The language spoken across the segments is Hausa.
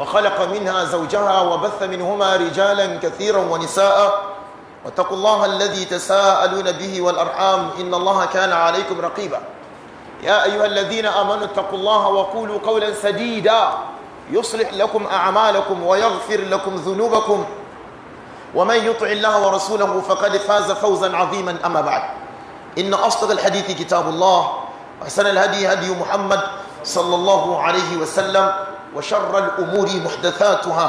وخلق منها زوجها وبث منهما رجالا كثيرا ونساء واتقوا الله الذي تساءلون به والأرحام إن الله كان عليكم رقيبا يا أيها الذين آمنوا اتقوا الله وقولوا قولا سديدا يصلح لكم أعمالكم ويغفر لكم ذنوبكم ومن يطع الله ورسوله فقد فاز فوزا عظيما أما بعد إن أصدق الحديث كتاب الله وأحسن الهدي هدي محمد صلى الله عليه وسلم وشر الأمور محدثاتها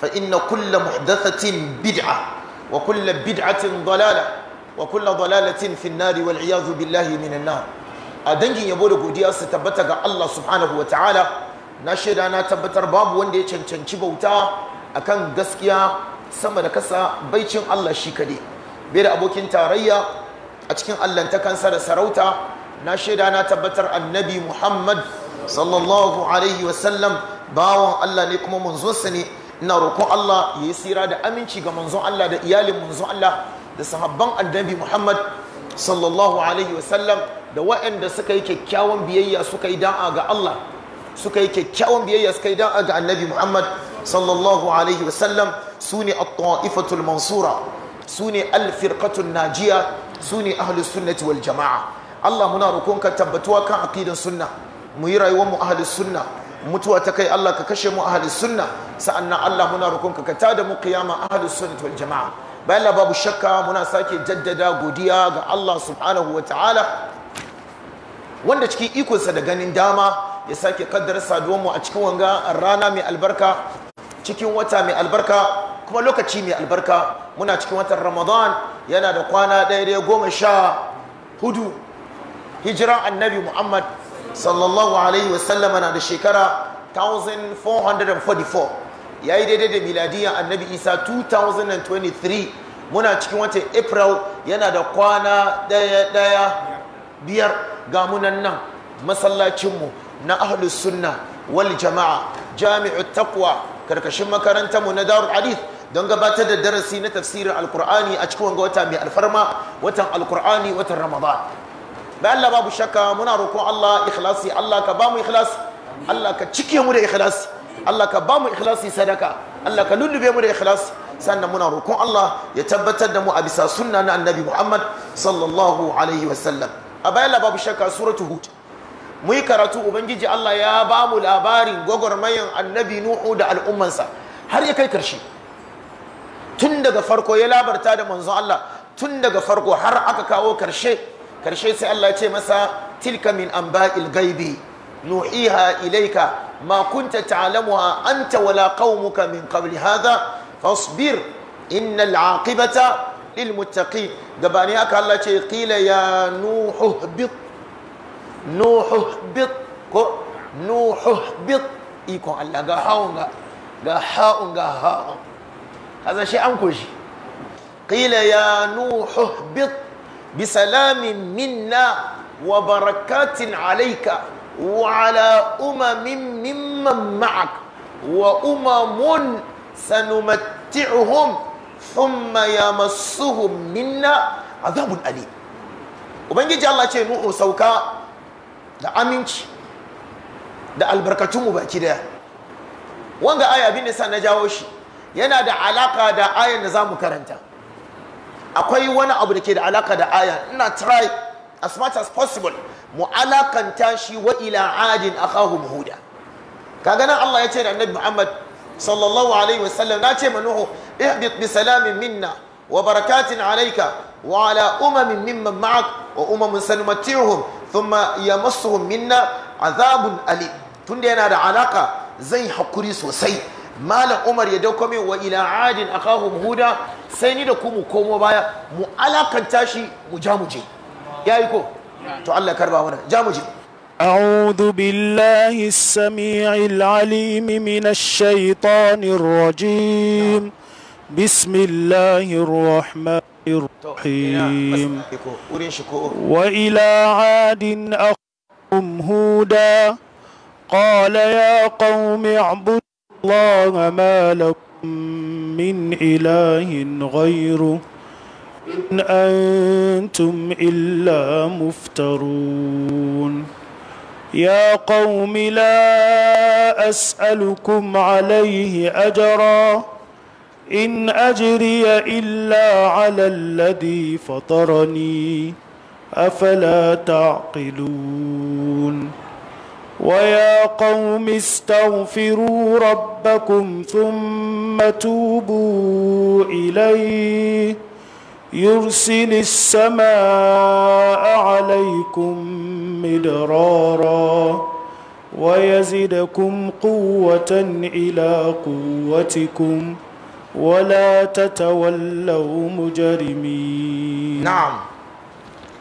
فإن كل محدثة بدعة وكل بدعة ضلالة وكل ضلالة في النار والعياذ بالله من النار أدنجي يبول قديا ستبتغ الله سبحانه وتعالى ناشد أنا تبتر باب وندي چنچنچي بوتا أكان قسكيا سما دكسا بيچن الله شكدي بير أبوكين تاريا أتكين الله انتكن سر سروتا ناشد أنا تبتر النبي محمد صلى الله عليه وسلم bawan Allah ne kuma manzonsa ne ina roƙon Allah ya yi tsira da aminci ga manzon Allah da iyalin manzon Allah da sahabban annabi Muhammad sallallahu alaihi sallam da waɗanda suka yi kyakkyawan biyayya suka yi da'a ga Allah suka yi kyakkyawan biyayya suka yi da'a ga annabi Muhammad sallallahu alaihi wa sallam sune at-ta'ifatul mansura sune al-firqatul najiya sune ne ahlus sunnati wal jama'a Allah muna roƙon ka tabbatuwa kan aqidan sunna mu yi rayuwar mu ahlus sunna mutuwa ta kai Allah ka kashe mu ahli sunna sa'annan Allah muna roƙonka ka da mu qiyama ahli sunnah wal jamaa bayan babu shakka muna sake jaddada godiya ga Allah subhanahu wa ta'ala wanda cikin ikonsa da ganin dama ya sake kaddara saduwar mu a cikin wanga rana mai albarka cikin wata mai albarka kuma lokaci mai albarka muna cikin watan ramadan yana da kwana ɗaya goma sha hudu hijiran annabi muhammad sallallahu alaihi wasallam na da shekara 1444 yayi daidai da miladiyan annabi isa 2023 muna cikin watan april yana da kwana daya daya biyar ga munannan nan masallacinmu na ahlus sunna wal jama'a jami'u taqwa karkashin makarantarmu na darul hadith don gabatar da darasi na tafsirin alkur'ani a cikin wanga wata mai alfarma watan alkur'ani watan ramadan bayan Allah babu shakka muna roƙon Allah ikhlasi Allah ka bamu ikhlasi Allah ka cike mu da ikhlasi Allah ka bamu ikhlasi sadaka Allah ka lullube mu da ikhlasi sannan muna roƙon Allah ya tabbatar da mu a bisa sunna na Annabi Muhammad sallallahu alaihi sallam. a bayan Allah babu shakka suratu hud mu yi karatu ubangiji Allah ya bamu labarin gwagwarmayan Annabi Nuhu da al'ummansa har ya kai karshe tun daga farko ya labarta da manzon Allah tun daga farko har aka kawo karshe karshe sai Allah ce masa tilka min anba'il ghaibi nuhiha ilayka ma kunta ta'lamuha anta wala qaumuka min qabli hadha fasbir innal aqibata lil muttaqin gabani aka Allah ce qila ya nuhu bit nuhu bit ko nuhu bit Allah ga ga kaza shi an koshi qila ya nuhu bit bisalamin minna wa barakatin alaika wa ala umamin mimman ma'ak wa umamun sanumatti'uhum thumma yamassuhum minna azabun alim ubangiji Allah ce nu'u sauka da aminci da albarkatunmu baki daya wanga aya abin da na jawo shi yana da alaƙa da ayan da mu karanta akwai wani abu da ke da alaka da aya ina try as much as possible mu alakanta shi wa ila adin akahum huda kaga nan Allah ya ce da Annabi Muhammad sallallahu alaihi wasallam na ce manuhu ihbit bi salamin minna wa barakatin alayka wa ala umamin mimman ma'ak wa umamin sanumatihum thumma yamassuhum minna azabun ali tunda yana da alaka zai hakuri sosai malam umar ya dauko min wa ila adin akahum huda sai ni da ku mu komo baya mu alakanta shi mu ja mu je yayi ko to Allah karba mana ja mu je أعوذ بالله السميع العليم من الشيطان الرجيم بسم الله الرحمن الرحيم وإلى عاد أخهم هودا قال يا قوم اعبدوا الله ما لكم من إله غيره إن أنتم إلا مفترون يا قوم لا أسألكم عليه أجرا إن أجري إلا على الذي فطرني أفلا تعقلون ويا قوم استغفروا ربكم ثم توبوا إليه يرسل السماء عليكم مدرارا ويزدكم قوة إلى قوتكم ولا تتولوا مجرمين نعم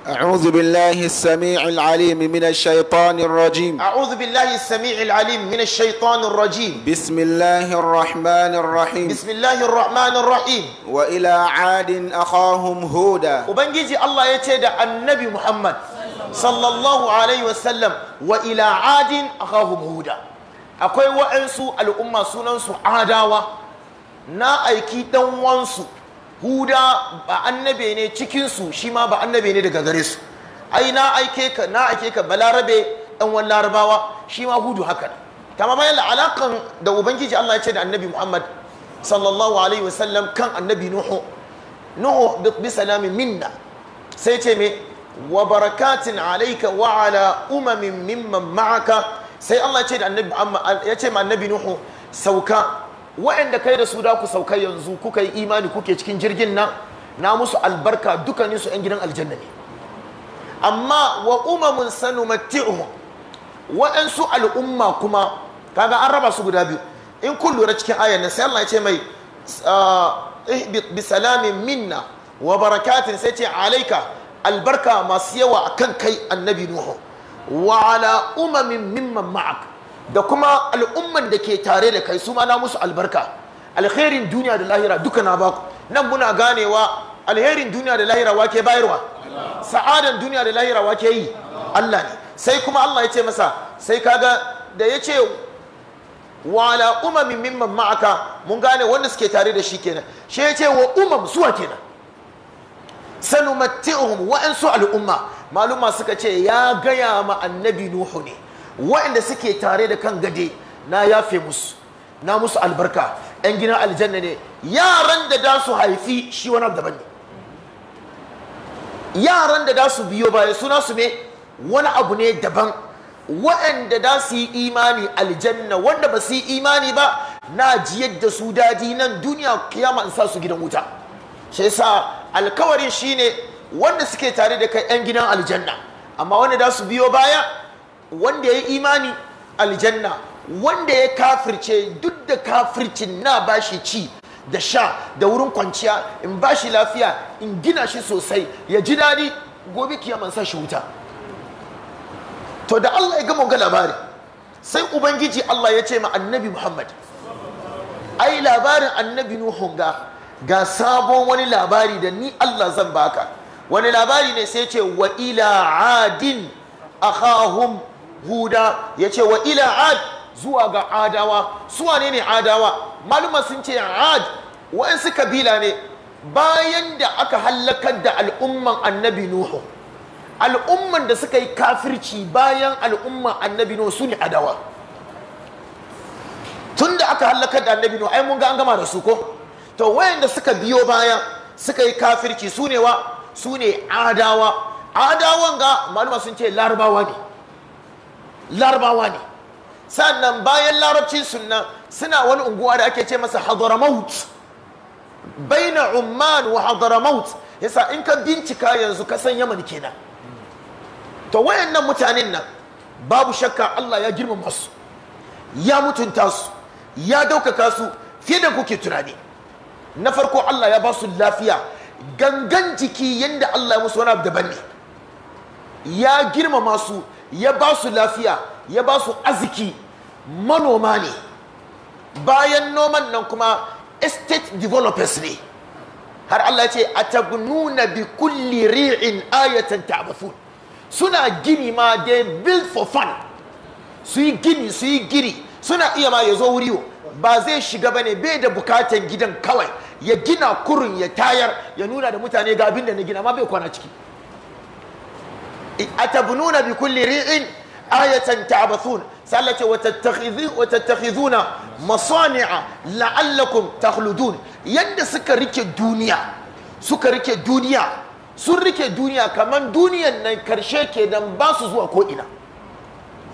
أعوذ بالله السميع العليم من الشيطان الرجيم أعوذ بالله السميع العليم من الشيطان الرجيم بسم الله الرحمن الرحيم بسم الله الرحمن الرحيم وإلى عاد أخاهم هودا وبنجي الله يتدى النبي محمد صلى الله عليه وسلم وإلى عاد أخاهم هودا أكوي وأنسو الأمة سننسو عداوة نا أيكي دنوانسو huda ba annabe ne cikinsu shi ma ba annabe ne daga gare su ai na aike ka na aike ka balarabe dan wani larabawa shi ma hudu haka ne kama bayan alaƙan da ubangiji Allah ya ce da annabi Muhammad sallallahu alaihi wasallam kan annabi Nuhu Nuhu bi salamin minna sai ce me wa barakatun alaika wa ala umamin mimman ma'aka sai Allah ya ce da annabi ya ce ma annabi Nuhu sauka wa'anda kai da su da ku sauka yanzu kuka yi imani kuke cikin jirgin nan na musu albarka dukkanin su 'yan gidan aljanna ne amma wa umamun sanumatti'uhum wa'ansu al'umma kuma kaga an raba su guda biyu in kun lura cikin ayan nan sai Allah ya ce mai ah, bi salamin minna wa barakatin sai ce alaika albarka masu yawa akan kai annabi nuhu wa ala umamin mimman ma'ak da kuma al'umman da ke tare da kai su ma na musu albarka alherin duniya da lahira duka na baku nan muna ganewa alherin duniya da lahira wake bayarwa sa'adan duniya da lahira wake yi Allah ne sai kuma Allah ya ce masa sai kaga da ya ce wala umamin mimman ma'aka mun gane wanda suke tare da shi kenan shi ya ce wa umam suwa kenan sanumatti'uhum wa'ansu al'umma maluma suka ce ya gaya ma annabi nuhu ne wa'anda suke tare da kan gade na yafe musu na musu albarka yan gina aljanna ne yaran da da su haifi shi wani daban ne yaran da da su biyo baya suna su ne wani abu ne daban wa'anda da su yi imani aljanna wanda ba su yi imani ba na jiyar da su daji nan duniya kiyama in sa su gidan wuta shi yasa alkawarin shine wanda suke tare da kai yan gidan aljanna amma wanda da su biyo baya wanda ya yi imani aljanna wanda ya kafirce duk da kafircin na ba shi ci da sha da wurin kwanciya in ba shi lafiya in gina shi sosai ya ji daɗi gobe kiyaman sa shi wuta to da Allah ya gama ga labari sai ubangiji Allah ya ce ma annabi Muhammad ai labarin annabi Nuhu ga ga sabon wani labari da ni Allah zan baka wani labari ne sai ce wa ila adin akhahum huda ya ce wa ila ad zuwa ga adawa suwa ne ne adawa maluma sun ce ad su kabila ne bayan da aka hallakar da al'umman annabi nuhu al'umman da suka yi kafirci bayan al'umman annabi nuhu su ne adawa tun da aka hallakar da annabi nuhu ai mun ga an gama da su ko to wayanda suka biyo bayan suka yi kafirci su ne wa su ne adawa adawan ga maluma sun ce larabawa ne larabawa ne sannan bayan larabcin sunna suna wani unguwa da ake ce masa bai baina umman wa hadaramaut yasa in ka bincika yanzu ka san yaman kenan to wayannan mutanen nan babu shakka Allah ya girmama su ya mutunta su ya daukaka su fiye da kuke tunani na farko Allah ya ba su lafiya gangan jiki yadda Allah ya musu wani abu daban ne ya girmama su ya ba su lafiya ya ba su arziki manoma ne bayan noman nan kuma estate developers ne har Allah ce a nuna bi kulli ri'in ayatan ta'bafun suna gini ma dey build for fun su yi gini su yi giri suna iya ma ya zo wuri ba zai shiga bane bai da bukatan gidan kawai ya gina kurun ya tayar ya nuna da mutane ga abin da na gina ma bai kwana ciki atabununa bi kulli ri'in ayatan ta'bathun sai wa ce wa tattakhidhuna masani'a la'allakum takhludun yanda suka rike duniya suka rike duniya sun rike duniya kaman duniyan nan karshe kenan ba su zuwa ko ina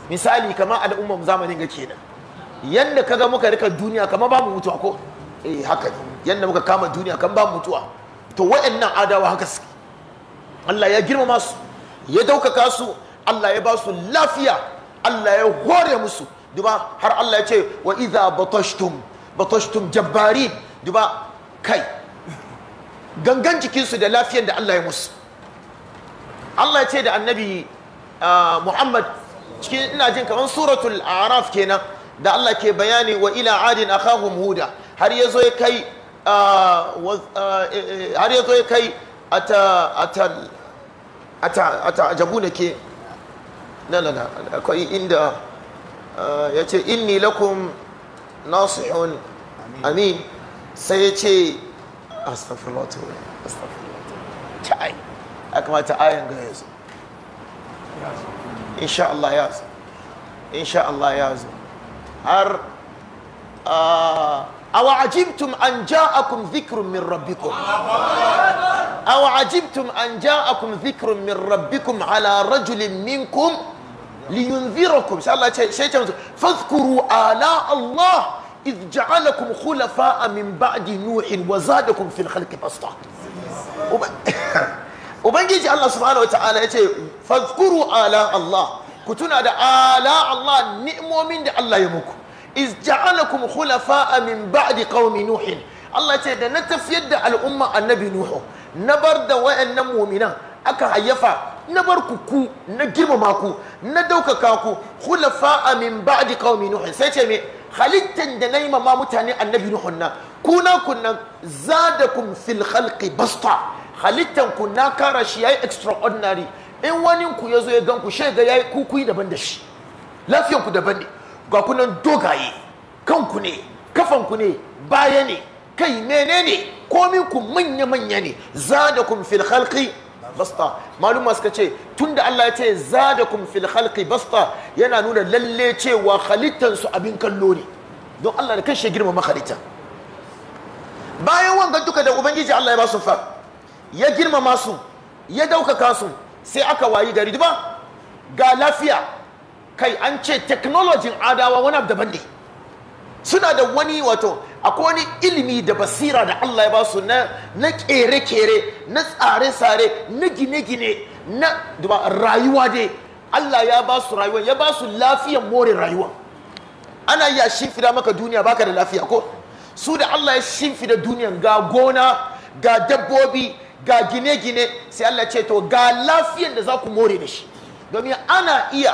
misali kaman al'ummar zamanin ga kenan Yanda kaga muka rika duniya kaman ba mu mutuwa ko eh haka ne yanda muka kama duniya kan ba mutuwa to wa'annan adawa haka suke Allah ya girmama su ya daukaka su Allah ya ba su lafiya Allah ya hore musu duba har Allah ya ce wa iza batashtum batashtum jabbarin duba kai gangan jikinsu da lafiyan da Allah ya musu Allah ya ce da annabi ah, Muhammad cikin ina jin kamar suratul araf kenan da Allah ke bayani wa ila adin akhahum huda har yazo ya kai ah, ah, eh, eh, har yazo ya kai ata atal a ta'ajabu na ke na na akwai inda uh, ya ce inni lakum nasihun amin sai ya ce astagfirullah ta'ai ya kamata ayan ga insha Allah ya insha Allah ya zo har uh, awa ajibtum an ja'akum dhikrun min rabbikum awa ajibtum an ja'akum dhikrun min rabbikum ala rajulin minkum liyunzirakum sai Allah ce sai ce fadhkuru ala Allah idh ja'alakum khulafa'a min ba'di nuhin wa zadakum fil khalqi basta ubangiji Allah subhanahu wataala yace fadhkuru ala Allah ku tuna da ala Allah da Allah ya muku iz ja'alakum khulafa'a min ba'di qaumi nuhin Allah ce da na tafiyar da al'umma annabi nuhu na bar da wayannan mu'minan aka hayyafa na bar ku ku na girmama ku na daukaka ku khulafa'a min ba'di qaumi nuhin sai ce me halittan da nayi ma mutane annabi nuhun nan kuna kunnan zadakum fil khalqi basta halittan ku na kara shi yayi extraordinary in wani ku yazo ya gan ku shega yayi kukuyi daban da shi lafiyan ku daban ne ga kunan dogaye kanku ne kafanku ne baya ne kai menene komin ku manya manya ne zadakum fil khalqi basta maluma suka ce tunda Allah ya ce zadakum fil khalqi basta yana nuna lalle cewa halittansu abin kallo ne don Allah da kanshi girma makhalitan bayan wanga duka da ubangiji Allah ya ba su fa ya girmama su ya dauka su sai aka wayi gari duba ga lafiya kai an ce technology adawa wani abu daban ne suna da wani wato akwai wani ilimi da basira da Allah ya ba su na kere-kere na tsare-tsare na gine-gine na rayuwa dai Allah ya ba su rayuwa ya ba su lafiyar more rayuwa ana iya shimfida maka duniya baka da lafiya ko su da Allah ya shimfida duniyan ga gona ga dabbobi ga gine-gine sai Allah ce to ga lafiyan da za ku more da shi domin ana iya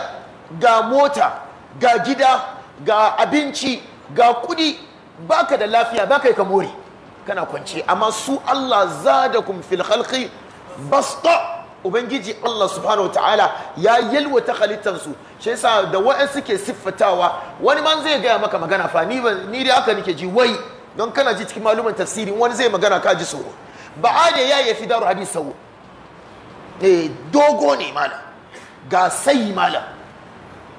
ga mota ga gida ga abinci ga kudi baka da lafiya baka ka more kana kwance amma su Allah zadakum fil khalqi basta ubangiji Allah subhanahu ta'ala ya yalwata halittansu shi yasa da wa'an suke siffatawa wani man zai gaya maka magana fa ni ni aka haka nake ji wai don kana ji cikin malumin tafsiri wani zai magana ka ji tsoro ba'ada ya yafi daru hadis sau eh, dogo ne malam ga sai malam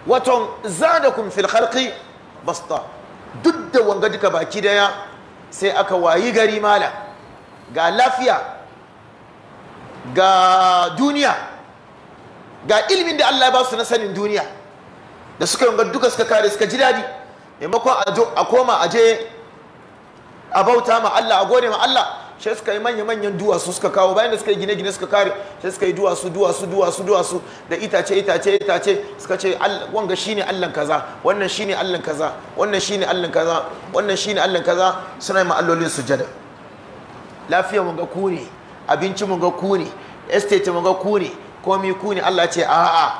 waton zadakum fil khalqi basta duk da wanga duka baki daya sai aka wayi gari mala ga lafiya ga duniya ga ilimin da Allah ya ba su na sanin duniya da suka yi duka suka kare suka ji daɗi maimakon a koma aje je a bauta ma Allah a gode ma Allah sai suka yi manya-manyan duwatsu suka kawo bayan da suka yi gine-gine suka kare sai suka yi duwatsu duwatsu duwatsu duwatsu da itace itace itace suka ce wanga shine allan kaza wannan shine allan kaza wannan shine allan kaza wannan shine allan kaza suna yi ma'allolin sujada lafiya mun ga ku ne abinci mun ga ku ne estate mun ga ku ne komi ku ne Allah ce a'a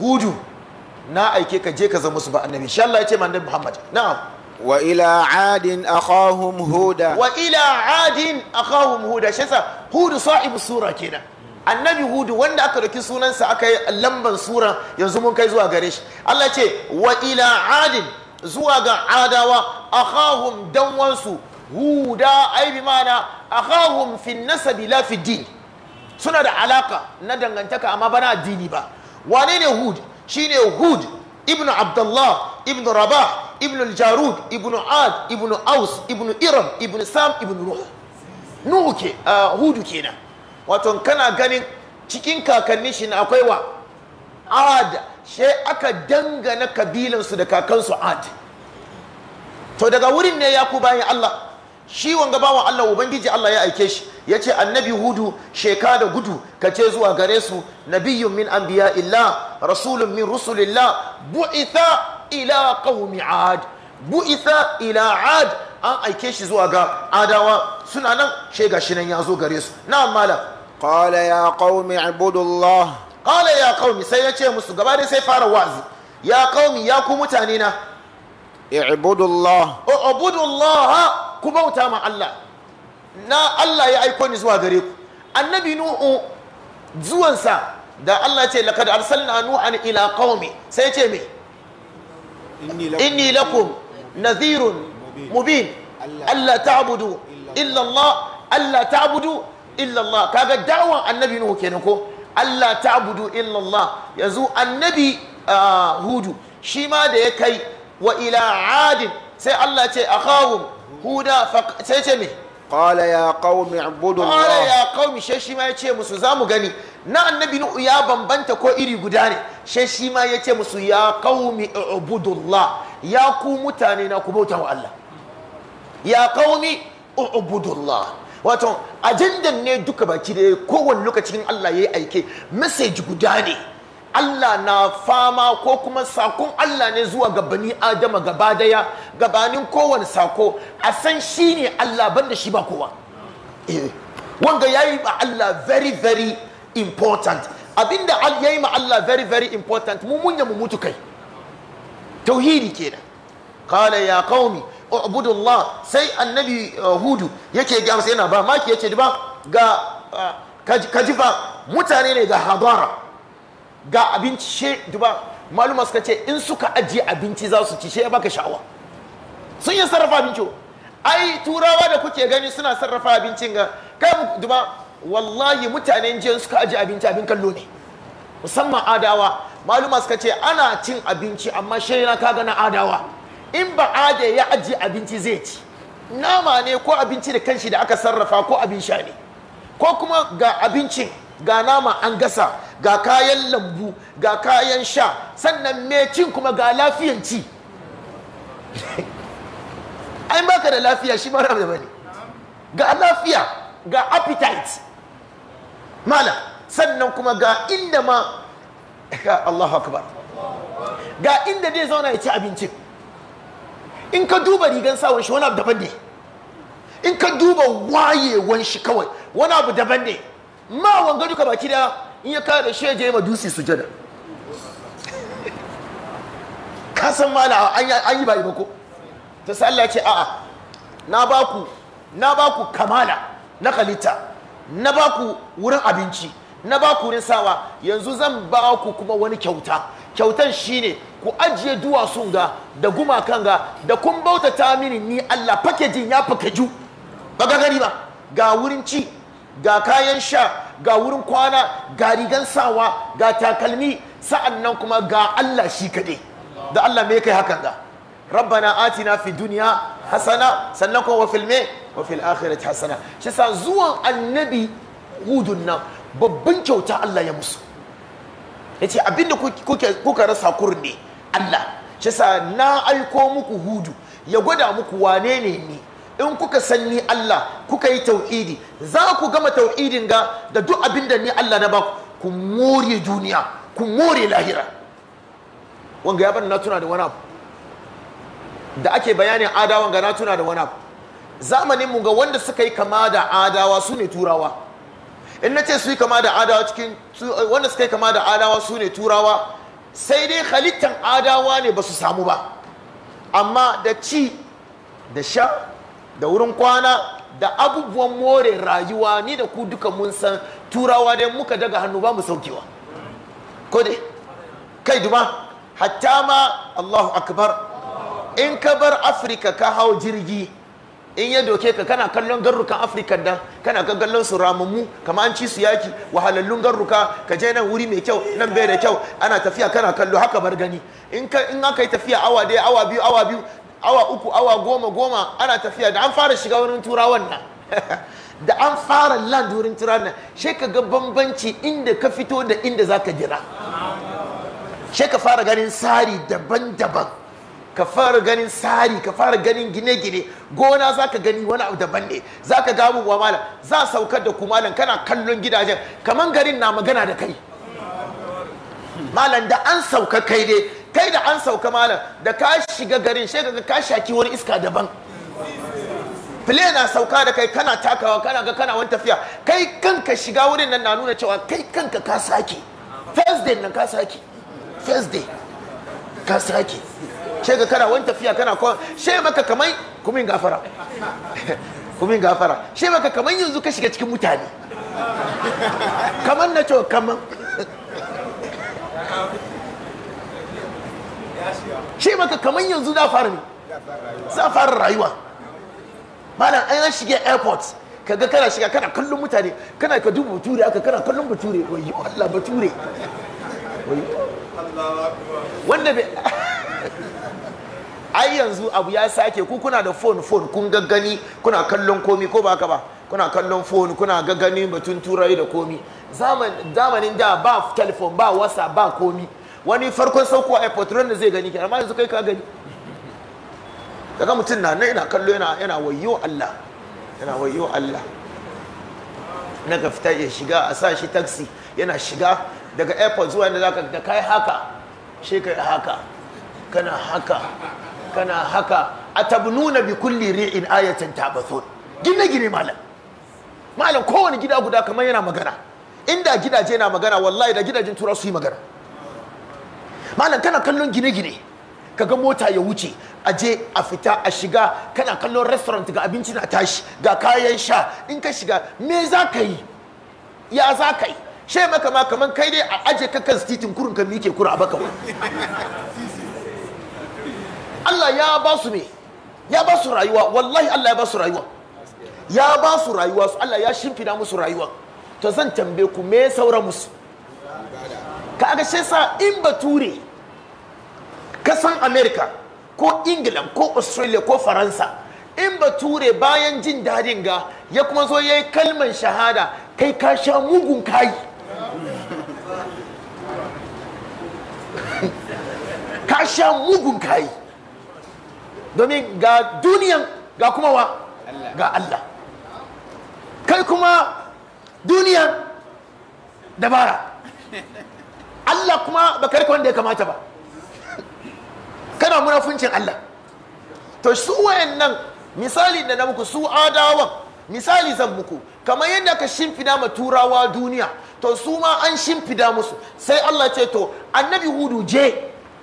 gudu na aike ka je ka zama su ba annabi insha Allah ya ce ma Muhammad na'am وإلى عاد أخاهم هودا وإلى عاد أخاهم هودا شسا هود صاحب السورة كنا annabi hudu wanda aka ɗauki sunansa aka yi lamban sura yanzu mun kai zuwa gare shi Allah ce wa ila adin zuwa ga adawa akhahum danwansu huda ai bi mana akhahum fi nasabi la fi din suna da alaka na dangantaka amma bana addini ba wane ne hud shine hud ibnu abdullah ibnu rabah ibn al-jarud ibn ad ibn aus ibn iram ibn sam ibn nuh nuhu ke hudu kenan wato kana ganin cikin kakannin shi na akwai wa ad sai aka dangana kabilansu da kakansu ad to daga wurin ne ya ku bayan Allah shi wanga bawan Allah ubangiji Allah ya aike shi ya ce annabi hudu sheka da gudu ka ce zuwa gare su nabiyyun min anbiya illa rasulun min rusulillah bu'itha ila qaumi ad bu'itha ila ad an aike shi zuwa ga adawa suna nan she gashi nan ya zo gare su na malam qala ya qaumi ibudullah qala ya qaumi sai ya ce musu gaba dai sai fara wa'azi ya qaumi ya ku mutane na ibudullah ibudullah ku bauta ma Allah na Allah ya aiko ni zuwa gare ku annabi nuhu zuwansa da Allah ce laqad arsalna nuhan ila qaumi sai ya ce mai inni lakum nadhirun mubin Allah ta'budu illa Allah Allah ta'budu illa Allah kaga da'awan annabi nuhu kenan ko Allah ta'budu illa Allah yanzu annabi hudu shi ma da ya kai wa ila adin sai Allah ce akhahum huda sai ce me قال ya قوم اعبدوا الله قال يا قوم she shi ma musu zamu gani na annabi nuhu ya bambanta ko iri guda ne ya shi musu ya qaumi i'budu Allah ya ku mutane na ku wa Allah ya qaumi i'budu Allah wato ajandan ne duka baki da kowane lokacin Allah ya aike message guda ne Allah na fama ko kuma sakon Allah ne zuwa gabani Adama gaba daya gabanin kowane sako a san shi ne Allah da shi ba kowa eh wanga yayi ba Allah very very important abinda yayi ma Allah very very important mu munya mu mutu kai tauhidi kenan Kala ya qaumi Allah sai annabi uh, hudu yake gamsa yana ba maki yace ba ga uh, kajifa mutane ne ga hadara ga abinci she duba maluma suka ce in suka ajiye abinci za su ci she ya baka sha'awa sun yi sarrafa abinci ai turawa da kuke gani suna sarrafa abincin ga kai duba wallahi mutanen jiya suka ajiye abinci abin kallo ne musamman adawa maluma suka ce ana cin abinci amma she na kaga na adawa in ba ajiye ya ajiye abinci zai ci nama ne ko abinci da kanshi da aka sarrafa ko abin sha ne ko kuma ga abincin ga nama an gasa ga kayan lambu ga kayan sha sannan mecin cin kuma ga lafiyan ci ai baka da lafiya shi mara da bane ga lafiya ga appetite mala sannan kuma ga inda ma Allah akbar ga inda zai zauna ya ci abincin in ka duba rigan sawon shi wani abu daban ne in ka duba wayewan shi kawai wani abu daban ne ma wanga duka baki da in ya kada shi je ma dusi sujada ka san mala an yi ba ko ta sai Allah ce a'a na baku na baku kamala na kalita na baku wurin abinci na baku wurin sawa yanzu zan ba ku kuma wani kyauta kyautan shine ku ajiye duwatsun ga da gumakan ga da kun bauta ta mini ni Allah fakejin ya fakaju ba ga gari ba ga wurin ci ga kayan sha ga wurin kwana ga rigan sawa ga takalmi sa'an nan kuma ga Allah shi kaɗai da Allah me kai hakan ga rabbana atina fi duniya hasana sannan kuma wa fil me wa fil akhirati hasana shi sa zuwan annabi hudun nan babban kyauta Allah ya musu yace abinda kuka rasa kurne Allah shi sa na aiko muku hudu ya gwada muku wane ne ni in kuka san ni Allah kuka yi tauhidi za ku gama tauhidin ga da duk abin da ni Allah na ba ku more duniya ku more lahira wanga ya bani na tuna da wani abu da ake bayanin adawa ga na tuna da wani abu zamanin mu ga wanda suka yi kama da adawa su ne turawa in na ce su yi kama da adawa cikin wanda suka yi kama da adawa su ne turawa sai dai halittan adawa ne ba su samu ba amma da ci da sha da wurin kwana da abubuwan more rayuwa ni da ku duka mun san turawa dai muka daga hannu ba mu saukewa ko dai kai duma hatta ma Allahu akbar in ka bar Afirka ka hau jirgi in ya doke ka kana kallon garrukan afirka da kana ka kallon su ramammu kama an ci su yaki wahalallun garruka ka je nan wuri mai kyau nan bai da kyau ana tafiya kana kallo haka bar gani in in aka yi tafiya awa daya awa biyu awa biyu awa uku awa goma goma ana tafiya da an fara shiga wurin turawan nan da an fara land wurin turawan nan sai ka ga bambanci inda ka fito da inda za ka jira sai ka fara ganin tsari daban-daban ka fara ganin tsari ka fara ganin gine-gine gona za ka gani wani abu daban ne za ka gamu wa malam za saukar da kumalan kana kallon gidajen kamar garin na magana da kai malam da an sauka kai dai kai da an sauka malam da ka shiga garin sai ka ka shaki wani iska daban fule na sauka da kai kana takawa kana ga kana wani tafiya kai kanka shiga wurin nan na nuna cewa kai kanka ka sake first day nan ka sake first day ka sake sai ga kana wani tafiya kana kwa sai maka kamai kumin gafara kumin gafara sai maka kamar yanzu ka shiga cikin mutane kamar na cewa kamar ce maka kamar yanzu za fara ne za fara rayuwa malam an shige airport kaga kana shiga kana kallon mutane kana ka dubu bature aka kana kallon bature wai Allah bature wanda bai ai yanzu abu ya sake ku kuna da phone phone kun gaggani kuna kallon komi ko baka ba kuna kallon phone kuna gaggani batun turai da komi zamanin da ba telephone ba wasa ba komi wani farkon sauko a airport da zai gani kenan amma yanzu kai ka gani kaga mutum na nan kallo yana yana wayyo Allah yana wayyo Allah na ga fita ya shiga a sa shi taxi yana shiga daga airport zuwa inda zaka da kai haka shi kai haka kana haka kana haka atabnuna bi kulli ri'in ayatan tabathun gine gine malam malam kowane gida guda kamar yana magana inda gidaje na magana wallahi da gidajen tura su yi magana malam kana kallon gine-gine kaga mota ya wuce a je a fita a shiga kana kallon restaurant ga abinci na tashi ga kayan sha in ka shiga me za ka yi ya za ka yi she maka ma kaman kai dai a aje ka kan titin kurun ka mike kura a baka Allah ya ba su me ya ba su rayuwa wallahi Allah ya ba su rayuwa ya ba su rayuwa Allah ya shimfida musu rayuwa to zan tambaye ku me saura musu ka aga shi sa in bature kasan america ko england ko australia ko faransa in bature bayan jin dadin ga ya kuma zo ya yi kalmar shahada kai ka sha mugun kayi ka sha mugun kayi domin ga duniyan ga kuma wa ga Allah kai kuma duniyan dabara Allah kuma ba rike wanda ya kamata ba kana munafuncin Allah to su wayannan misali da na muku su adawan misali zan muku kamar yadda ka shimfida ma turawa duniya to su ma an shimfida musu sai Allah ce to annabi hudu je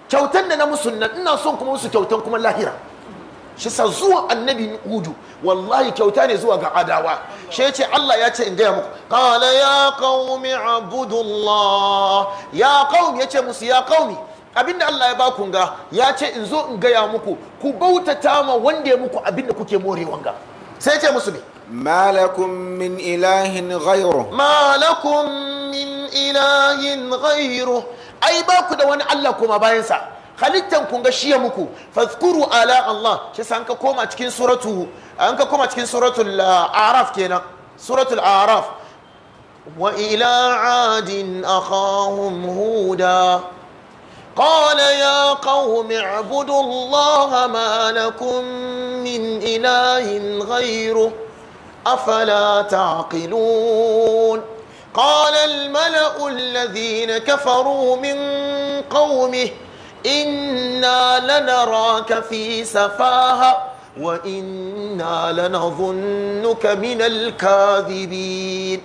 kyautan da na musu nan ina son kuma musu kyautan kuma lahira shi sa zuwa annabi hudu wallahi kyauta ne zuwa ga adawa shi ce Allah ya ce in gaya muku kala ya kawumi abudullah ya ya ce musu ya qaumi abinda Allah ya baku ga ya ce in zo in gaya muku ku bauta tama wanda ya muku abinda kuke more wanga sai ce musu ne Malakun min من إله Malakun min لكم من Ai baku da wani Allah kuma bayansa. halittan kun ga shi ya muku fazkuru ala Allah shi sa an ka koma cikin suratu an ka koma cikin suratul araf kenan suratul araf wa ila adin akhahum huda قال يا قوم اعبدوا الله ما لكم من إله غيره أفلا تعقلون قال الملأ الذين كفروا من قومه إنا لنراك في سفاهة وإنا لنظنك من الكاذبين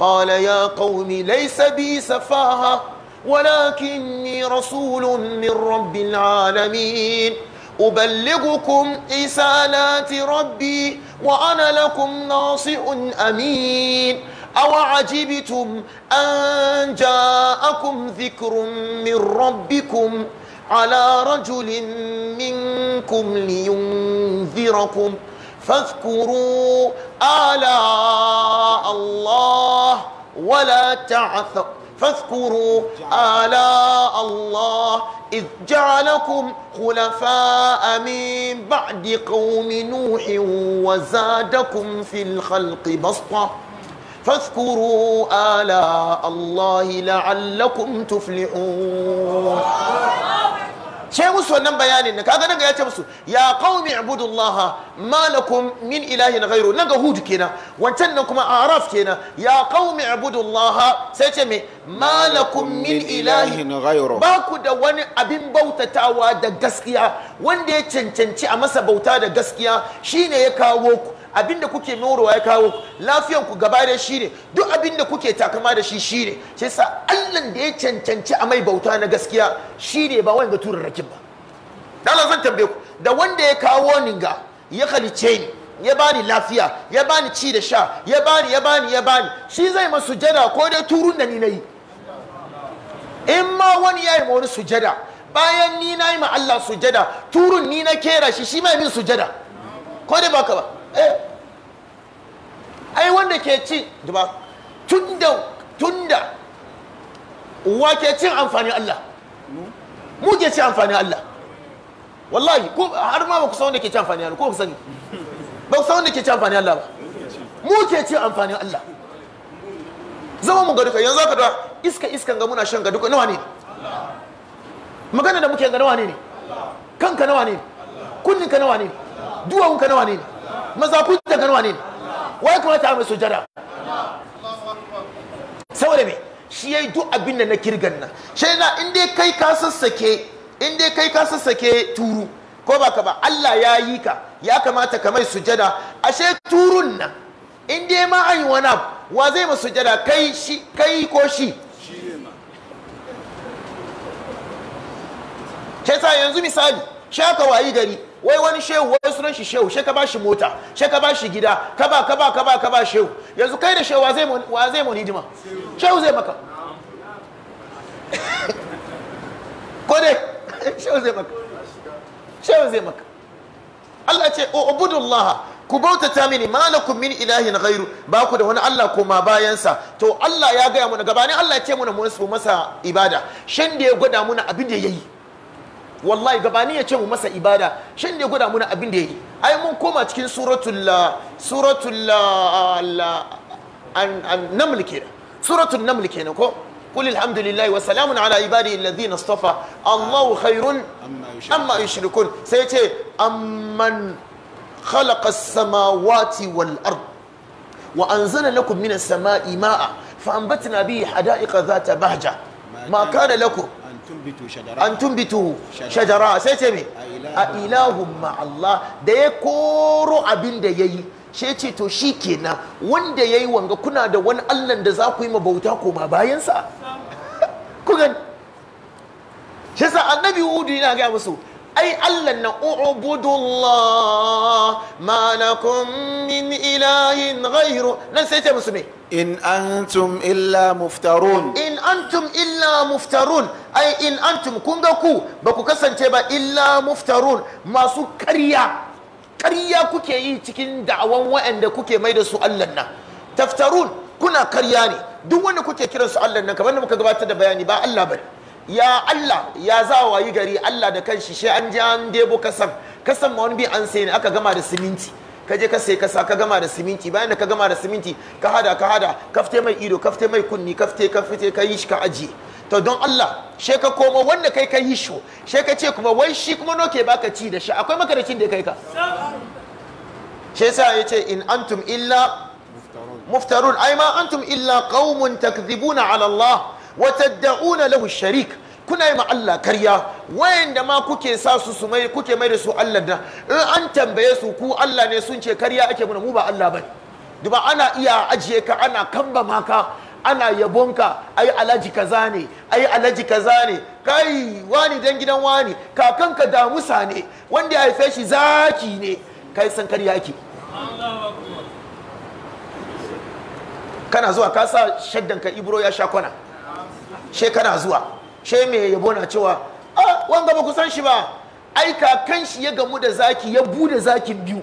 قال يا قوم ليس بي سفاهة ولكني رسول من رب العالمين أبلغكم رسالات ربي وأنا لكم ناصئ أمين أو عجبتم أن جاءكم ذكر من ربكم على رجل منكم لينذركم فاذكروا آلاء الله ولا تعثوا فاذكروا آلاء الله إذ جعلكم خلفاء من بعد قوم نوح وزادكم في الخلق بسطة فاذكروا آلاء الله لعلكم تفلحون ce musu wannan bayanin na kaga naga ya ce musu ya qaumi ibudullaha malakum min ilahin naga hud kenan wancan nan kuma araf kenan ya qaumi ibudullaha sai ce me malakum min ilahin ba ku da wani abin bautatawa da gaskiya wanda ya cancanci a masa bauta da gaskiya shine ya kawo ku abinda kuke morowa ya kawo lafiyan ku gaba da shi ne duk abinda kuke takama da shi shi ne ce sa allan da ya cancanci a mai bauta na gaskiya shi ne ba turin turarrakin ba dala zan tambaye ku da wanda ya kawo ni ga ya halice ni ya bani lafiya ya bani ci da sha ya bani ya bani ya bani shi zai ma sujada ko dai turun da ni na yi in ma wani ya yi ma wani sujada bayan ni na yi ma Allah sujada turun ni na kera shi shi ma min sujada ko dai baka ba Eh. ai wanda ke ci duba tunda tunda wa ke cin amfanin Allah mu ke cin amfanin Allah wallahi ko har ma ba ku san wanda ke cin amfanin Allah ko ku sani ba ku san wanda ke cin amfanin Allah ba mu ke cin amfanin Allah zama mu ga duka yanzu ka da iska iskan ga muna shan ga duka nawa ne magana da muke ga nawa ne ne kanka nawa ne ka nawa ne ka nawa ne ne Mazafin da kanwa ne wai kuma a mai sujada saboda me shi yayi duk abin da na kirgan nan shi na in dai kai ka sassake in kai ka sassake turu ko ba ka ba Allah ya yi ka ya kamata ka mai sujada ashe turun nan in dai ma an yi wani wa zai ma sujada kai shi kai ko shi Kesa yanzu misali shaka wayi gari wai wani shehu wai sunan shi shehu she ka ba shi mota she ka ba shi gida ka ba ka ba ka ba ka ba shehu yanzu kai da shehu wa zai mu hidima shehu zai maka ko dai shehu zai maka shehu zai maka Allah ce o laha, ku bautata mini ma mini min ilahin ghairu ba ku da wani Allah ko ma bayansa to Allah ya gaya mana gabanin Allah ya ce mana mu masa ibada shin da ya gwada mana abin da yayi wallahi gabani ya ce mu masa ibada shin da guda muna abin da yi ai mun koma cikin suratul suratul an kenan suratul naml kenan ko قل الحمد لله وسلام على عباده الذين اصطفى الله خير أما يشركون سيتي أمن خلق السماوات والأرض وأنزل لكم من السماء ماء فأنبتنا به حدائق ذات بهجة ما كان لكم an tumbitu shajara sai ce me a ilahun ma'allah da ya koro abin da ya yi shi ce to shi kenan wanda ya yi wanga kuna da wani allan da za ku yi mabauta ma bayansa gani shi sa annabi hudu yana gaya musu ai Allah na ubudullah ma lakum nan sai ce musu me in antum illa muftarun in antum illa muftarun ai in antum kun ga ku ba ku kasance ba illa muftarun masu karya karya kuke yi cikin da'awan waɗanda kuke mai da su Allah nan taftarun kuna karya ne duk wanda kuke kiransu Allah nan kamar da muka gabatar da bayani ba Allah bane ya Allah ya za wayi gari Allah da kanshi shi an je an debo kasan kasan ma wani bi an sai ne aka gama da siminti ka je ka sai kasa ka gama da siminti bayan da ka gama da siminti ka hada ka hada kafte mai ido kafte mai kunni kafte ka fite ka yi shi ka ajiye to don Allah she ka komo wanda kai ka yi shi she ka ce kuma wai shi kuma noke baka ci da shi akwai makaracin da kai ka she ya yace in antum illa muftarun ai ma antum illa qaumun takdhibuna ala Allah Wata da'una lahu sharik kuna yi ma Allah karya wayanda ma kuke sa su su mai kuke mai da su Allah da in an tambaye su ku Allah ne sun ce karya ake muna mu ba Allah ba duba ana iya ajiye ka ana kamba maka ana yabonka ai alaji kaza ne ai alaji kaza ne kai wani dan gidan wani ka damusa ne wanda ya haife shi zaki ne kai san karya ake kana zuwa ka sa shaddanka ibro ya sha kwana shekara zuwa she mai yabo na cewa a ah, wanga ba ku san shi ba ai kakan shi ya gamu da zaki ya bude zakin biyu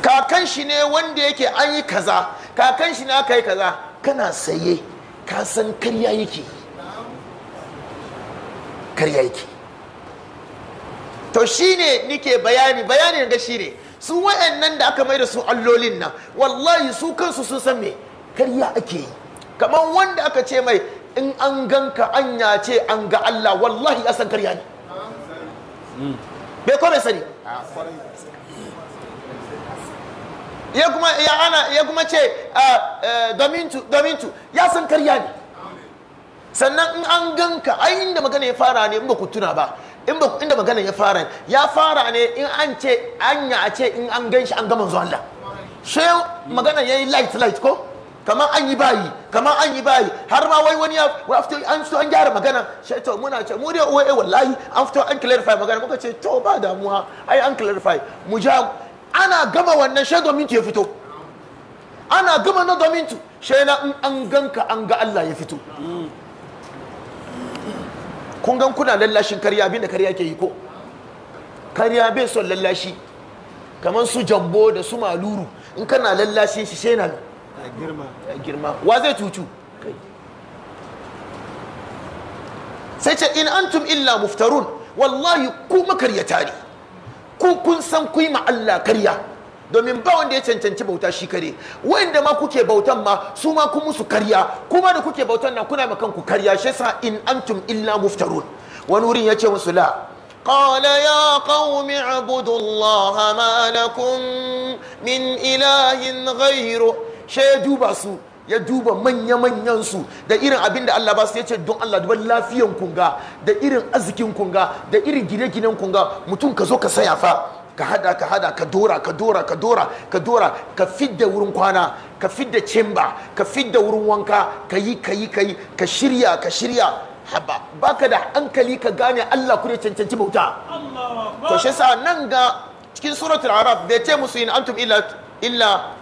kakan shi ne wanda yake an yi kaza kakan shi ne aka yi kaza kana saye ka san karya yake karya yake to shine nike bayani bayani ga shine su waɗannan da aka mai da su allolin nan wallahi su kansu sun san me karya ake yi kamar wanda aka ce mai in an ganka anya ce an ga Allah wallahi ya san karya ne bai hmm. kome sani ya kuma ya ana ya kuma ce ah, eh, domintu domintu ya san kariya ne sannan in an ganka ai inda magana ya fara ne in ba ku tuna ba inda magana ya fara ya fara ne in an ce anya ce in an gan shi an ga zuwa Allah shi magana ya yi light light ko kamar an yi bayi kamar an yi bayi har ma wai wani ya fito an so an gyara magana sai to muna ce mu dai eh wallahi an fito an clarify magana muka ce to ba damuwa ai an clarify mu ja ana gama wannan shi domin ya fito ana gama na domin tu shi na an ganka an ga Allah ya fito kun gan kuna lallashin karya abinda karya ke yi ko karya bai son lallashi kamar su jambo da su maluru in kana lallashin shi sai na girma wa sai ce in antum illa muftarun wallahi ku makaryata ne ku kun san ku yi ma Allah karya domin ba wanda ya cancanci bauta shi kare wanda ma kuke bautan ma su ma ku musu karya kuma da kuke bautan na kuna ma kanku karya shi sa in antum illa muftarun wani wurin ya ce musu la قال يا قوم اعبدوا الله ما لكم من إله غيره she ya duba su ya duba manya-manyan su da irin abin da Allah ba su ya ce don Allah duba lafiyan kunga da irin arzikin kunga da irin gine-ginen kunga mutum ka zo ka saya fa ka hada ka hada ka dora ka dora ka dora ka dora ka fidda wurin kwana ka fidda cimba ka fidda wurin wanka ka yi ka yi ka yi ka shirya ka shirya haba baka da hankali ka gane Allah kure cancanci bauta to shi sa nan ga cikin suratul araf bai ce musu in antum illa illa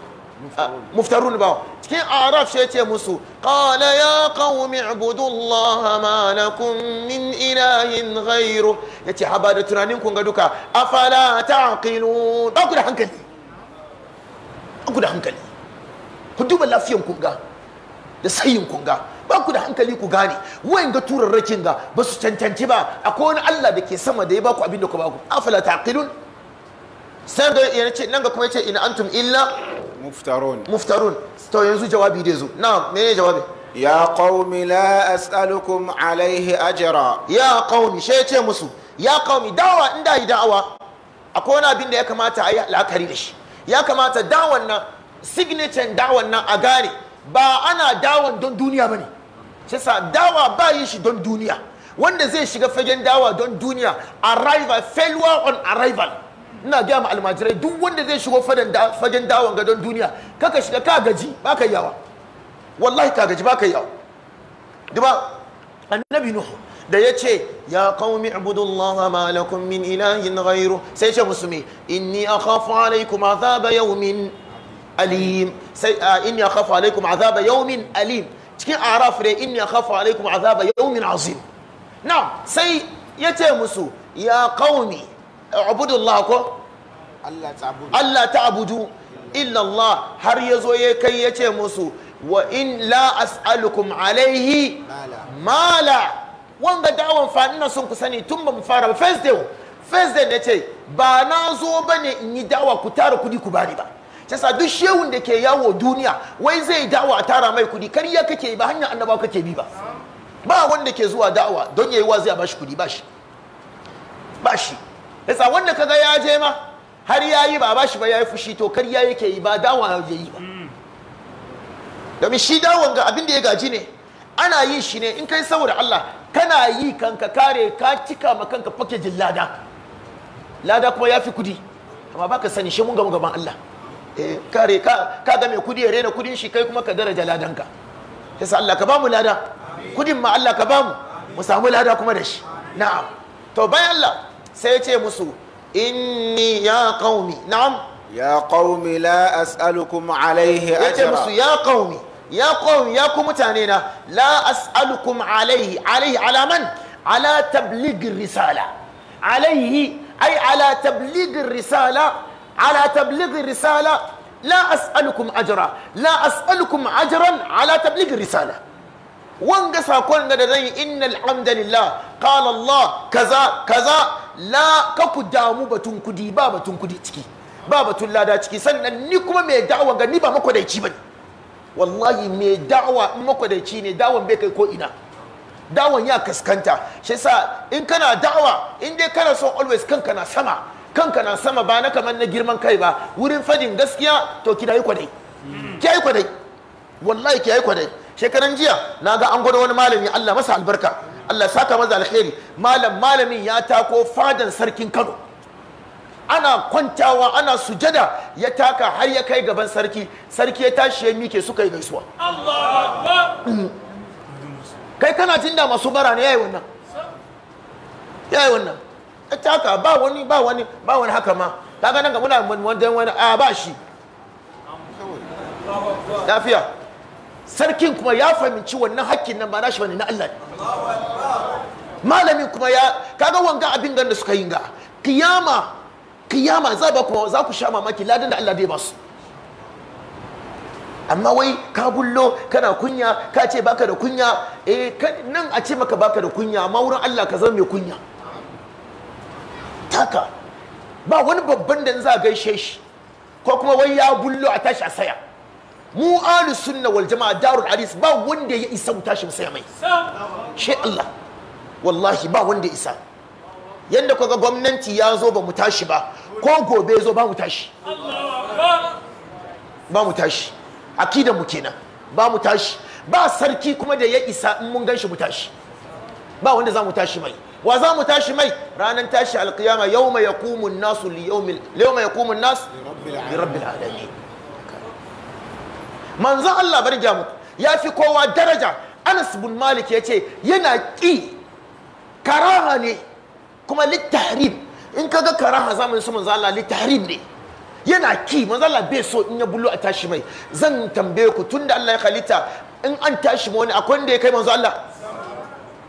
muftarun ba cikin araf shi ce musu qala ya qaumi ibudullah ma lakum min ilahin ghairu yace haba da tunanin kun ga duka afala taqilun ba ku da hankali ba ku da hankali ku duba lafiyan kun ga da sayin kun ga ba ku da hankali ku gane wayan ga turarrakin ga ba su cancanci ba akwai wani Allah da ke sama da ya ba ku abin da ku ba ku afala taqilun sai ga ya ce nan ga kuma ce in antum illa muftarun muftarun to yanzu jawabi dai zo na ne jawabi ya qaumi la as'alukum alaihi ajra ya qaumi she ce musu ya qaumi dawa inda yi da'awa akwai wani abin da ya kamata a yi la'akari da shi ya kamata dawon nan signature dawon nan a gane ba ana dawon don duniya bane shi sa dawa ba yin shi don duniya wanda zai shiga fagen dawa don duniya arrival failure on arrival ina gaya ma almajirai duk wanda zai shigo fagen dawon gadon duniya kaka shiga ka gaji ba ka yawa wallahi ka gaji ba ka yawa duba annabi nuhu da ya ce ya qaumi ibudullaha ma lakum min ilahin ghairu sai ce musulmi inni kafa alaikum azaba yawmin alim sai inni kafa alaikum azaba yawmin alim cikin araf ne inni kafa alaikum azaba yawmin azim na sai ya ce musu ya qaumi Allah ko Allah ta abudu allah har ya zo ya kai ya ce musu wa in la as'alukum alaihi mala Wanda dawon fadina sun ku sani tun ba mu fara ba first day first day ne ce ba na zo ba ne in yi da'awa ku tara kudi ku bari ba tasa duk shehun da ke yawo duniya wai zai dawa a tara mai kudi ya kake ba hanyar annabawa kake bi ba ba wanda ke zuwa da'awa don yayi zai ba bashi kudi Ba shi. yasa wanda kaga ya je ma har yayi ba ba shi ba yayi fushi to kar ya yake yi ba dawa ya yi ba mm. domin shi dawon ga abin da ya gaji ne ana yin shi ne in kai saboda Allah kana yi kanka kare ka cika ma kanka fake lada lada kuma ya fi kudi amma baka sani shi mun gamu gaban Allah eh, kare ka ga mai kudi ya rena kudin shi kai kuma ka daraja ladanka yasa Allah ka bamu lada kudin ma Allah ka bamu mu samu lada kuma da shi na'am to bayan Allah sai ce musu inni ya qaumi na'am ya qaumi la as'alukum alaihi ajra yace musu ya qaumi ya qaumi ya ku mutane na la as'alukum alaihi alaihi alaman ala tabligh risala alaihi ay ala tabligh risala ala tabligh risala la as'alukum ajra la as'alukum ajran ala tabligh risala wanga sakon da zan yi innal hamdalillah qala allah kaza kaza la ka ku damu batun kudi ba batun kudi ciki ba batun lada ciki sannan ni kuma mai da'awa ga ni ba makwadaici ba wallahi mai da'awa in makwadaici ne da'awan bai kai ko ina da'awan ya kaskanta shi yasa in kana da'awa in dai kana son always kanka na sama kanka na sama ba na kamar na girman kai ba wurin fadin gaskiya to ki dai kwadai ki yi kwadai wallahi ki yi kwadai shekaran jiya na ga an gwada wani malami Allah masa albarka Allah saka maza alheri malam malamin ya tako fadan sarkin Kano ana kwantawa ana sujada ya taka har ya kai gaban sarki sarki ya tashi ya mike suka yi gaisuwa kai kana jin da masu bara ne yayi wannan yayi wannan ya taka ba wani ba wani ba wani haka ma kaga nan ga muna wani wani a ba shi lafiya sarkin kuma ya fahimci wannan hakkin nan ba nashi bane na Allah malamin kuma ya kaga wanga abin da suka yi ga kiyama kiyama za ba kuma za ku sha mamaki ladan da Allah zai ba su amma wai ka bullo kana kunya ka ce baka da kunya eh nan a ce maka baka da kunya amma wurin Allah ka zama mai kunya taka ba wani babban da za gaishe shi ko kuma wai ya bullo a tashi a saya mu ahlu sunna wal jama'a darul hadis ba wanda ya isa mu tashi mu saya mai she Allah wallahi ba wanda ya isa yanda kaga gwamnati ya zo ba mu tashi ba ko gobe ya zo ba mu tashi ba mu tashi akidan mu kenan ba mu tashi ba sarki kuma da ya isa in mun ganshi mu tashi ba wanda za mu tashi mai wa za mu tashi mai ranar tashi alkiyama yawma yaqumun nasu li yawmil yawma yaqumun nas li rabbil alamin manzon Allah bari ga muku ya fi kowa daraja Anas bin Malik ya ce yana ƙi karaha ne kuma littarim in ka ga karaha yi su manzon Allah littarim ne yana ƙi. manzon Allah bai so in ya bullo a tashi mai zan tambaye ku tunda Allah ya halitta in an tashi wani akwai wanda ya kai manzon Allah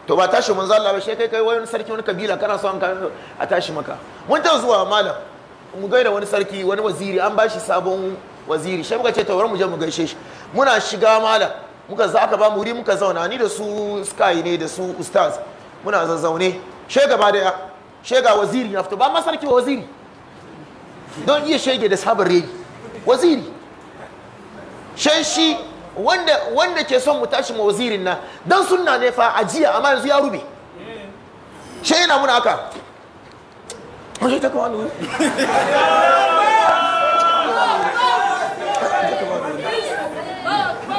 to ba tashi manzo Allah ba shi kai kai wani sarki wani kabila kana son ka a tashi maka mun ta zuwa malam mu gaida wani sarki wani waziri an bashi sabon waziri shi muka ce tawar mu je mu gaishe shi muna shiga malam muka za aka ba mu wuri muka zauna ni da su sky ne da su ustaz muna zazzaune she gaba ya she ga waziri na fito ba ma sarki waziri don iya shege da sabon regi waziri shan shi wanda wanda ke son mu tashi ma wazirin na dan sunna ne fa ajiya amma yanzu ya rube she yana muna haka Mashe ta kawo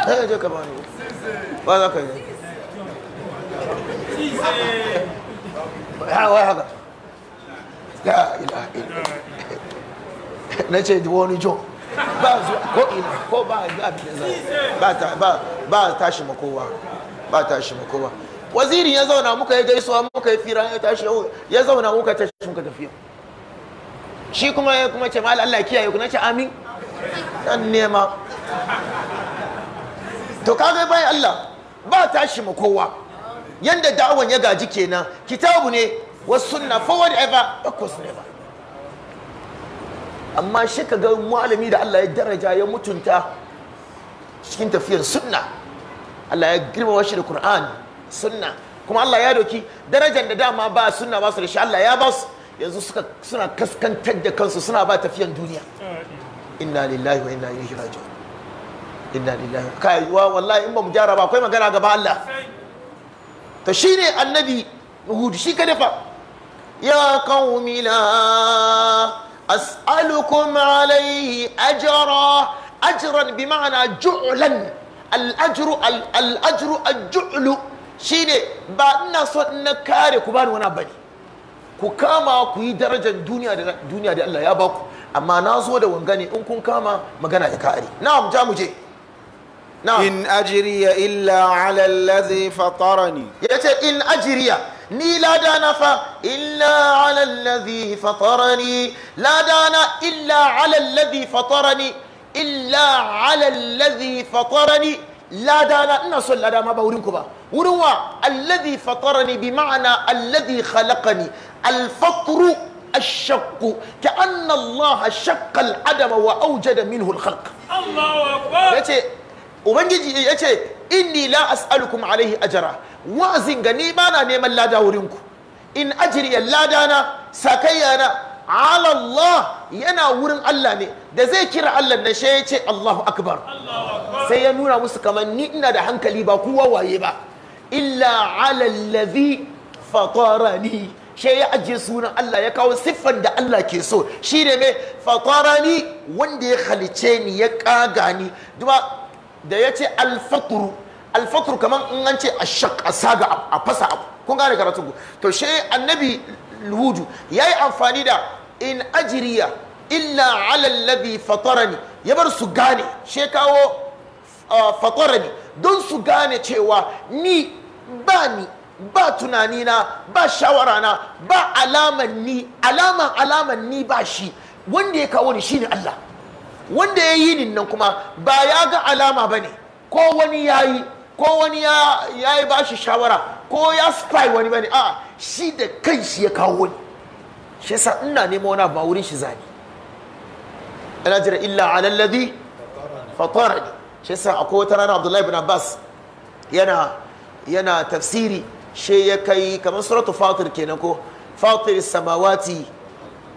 Hey, je kama ni. Ba za ka yi. Ha wai haka. La ilaha illa. Na ce wani jo. Ba zuwa ko ina ko ba ga abin da zai. Ba ta ba ba tashi ma kowa. Ba tashi ma Wazirin ya zauna muka yi gaisuwa muka yi fira ya tashi ya zauna muka tashi muka tafiya. Shi kuma ya kuma ce mal Allah kiyaye ku na ce amin. dan nema to kaga bai Allah ba tashi ma kowa yanda da'awan ya gaji kenan kitabu ne was sunna forward ever backwards never amma shi ka ga malami da Allah ya daraja ya mutunta cikin tafiyar sunna Allah ya girmama shi da Qur'an sunna kuma Allah ya doki darajar da dama ba sunna ba su da shi Allah ya ba su yanzu suna kaskantar da kansu suna ba tafiyan duniya inna lillahi wa inna ilaihi raji'un inna lillahi kai wa wallahi in ba mu gyara ba akwai magana gaba Allah to shine annabi Hud shi ka dafa ya qaumi la as'alukum alayhi ajra ajran bi ma'ana ju'lan al-ajru al-ajru al-ju'lu shine ba ina so na kare ku ni wani bane ku kama ku yi darajar duniya da da Allah ya baku amma na zo da wangane in kun kama magana ya kare na'am ja mu je na'am in ajriya illa ala allazi fatarani yace in ajriya ni lada na fa illa ala allazi fatarani lada na. illa ala allazi fatarani illa ala allazi fatarani lada na. ina son lada ma ba wurin ku ba wurin wa allazi fatarani bi ma'ana allazi khalaqani al-fatru الشق كأن الله شق العدم وأوجد منه الخلق الله أكبر يتي وبنجي يتي إني لا أسألكم عليه أجرا وازن غني بانا نيما لا داورينكو إن أجري لا دانا ساكيانا على الله ينا ورن الله ne da zai kira Allah na shi ya ce Allahu akbar sai ya nuna musu kamar ni ina da hankali ba kowa waye ba illa ala allazi fatarani shi ya ajiye sunan Allah ya kawo siffar da Allah ke so shi ne me ni wanda ya halice ni ya kaga ni duba da ya ce alfakuru alfakuru kaman in an ce a asaga a fasa abu kun gane karatu ku to she annabi luhudu ya yi amfani da in ajiriya illa alallabi fatarani ya bar su gane she kawo fatarani don su gane cewa ni ba ni ba tunanina ba shawarana ba alaman ni alaman alaman ni ba shi wanda ya kawo ni shine Allah wanda ya yi nan kuma ba ya ga alama ba ne ko wani ya yi ko wani ya yi ba shi shawara ko ya spy wani ba ne a shi da kan shi ya kawo ni shi yasa ina nema wani ba wurin shi zani ina jira illa alalladhi fatarani shi yasa akwai wata rana Abdullahi bin Abbas yana yana tafsiri she ya kai kamar suratu fatir kenan ko fatir samawati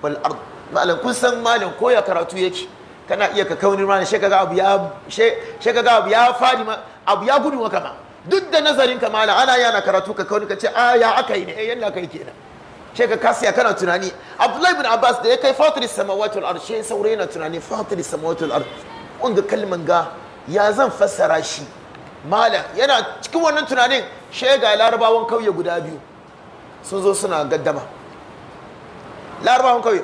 wal ard malam kun san malam ko ya karatu yake kana iya ka kauni ma she kaga abu ya she kaga abu ya fadi abu ya gudu maka ma duk da nazarin ka malam ana yana karatu ka kauni ka ce a ah, ya aka yi ne eh yalla kai kenan she ka kasiya kana tunani abdullahi ibn abbas da ya kai fatir samawati wal ard she saurayi na tunani fatir samawati wal ard kun ga kalman ga ya zan fassara shi malam yana cikin wannan tunanin shega larabawan kauye guda biyu sun zo suna gaddama larabawan kauye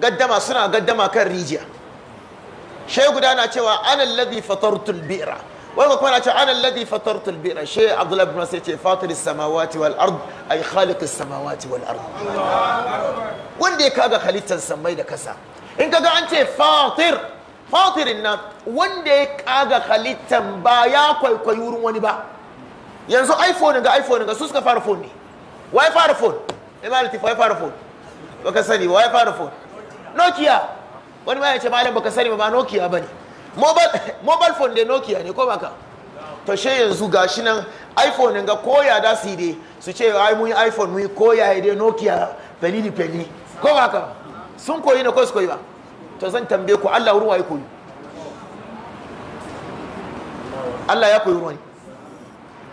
gaddama suna gaddama kan rijiya shai guda na cewa ana ladi fatartul bi'ra wani kuma na cewa ana alladhi fatartul bi'ra shai abdullahi bin sai ce fatir samawati wal ard ay khaliq samawati wal ard wanda ya kaga halittar samai da kasa in kaga an ce fatir fatirin nan wanda ya kaga halittan ba ya kwaikwayi wurin wani ba yanzu iphone ga iphone ga su suka fara phone ne Wai fara phone imalati wa ya fara phone baka sani wa ya fara phone nokia wani ma ya ce malam baka sani ba nokia ba ne mobile phone da nokia ne ko baka to she yanzu gashi nan iphone ga koya da su dai su ce ai mun iphone mun koya dai nokia pelini peli ko baka sun koyi na ko su koyi ba to zan tambaye ku Allah ruwa ya koyi Allah ya koyi ruwa ne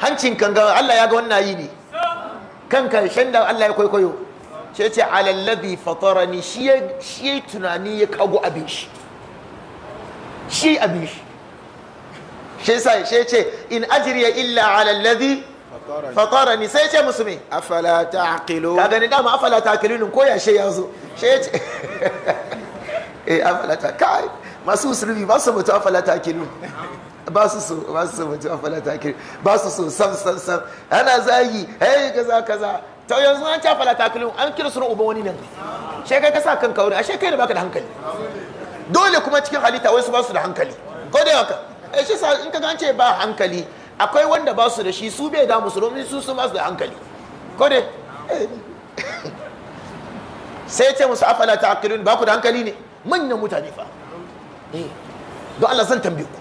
hancin kan ga Allah ya ga wannan yi ne kan karshen da Allah ya koyi koyo sai ce alallazi fatarani shi shi tunani ya kago abin shi shi abin shi shi yasa shi ce in ajriya illa alallazi fatarani sai ce musu me afala ta'qilu kaga ni dama afala ta'qilun ko ya she yazo shi ce eh falata kai masu sirri ba su mutu falata kinu ba su so ba su so mutu falata kinu ba su so sam sam sam ana zagi hey kaza kaza to yanzu an ta falata kinu an kira sunan uba wani nan shi kai ka sa kanka wani ashe kai da baka da hankali dole kuma cikin halitta su ba su da hankali ko da haka eh shi sa in ka gance ba hankali akwai wanda ba su da shi su bai damu su domin su su ba su da hankali ko dai eh. sai ce musu afala ta ba ku da hankali ne manyan mutane fa eh, don Allah zan tambaye ku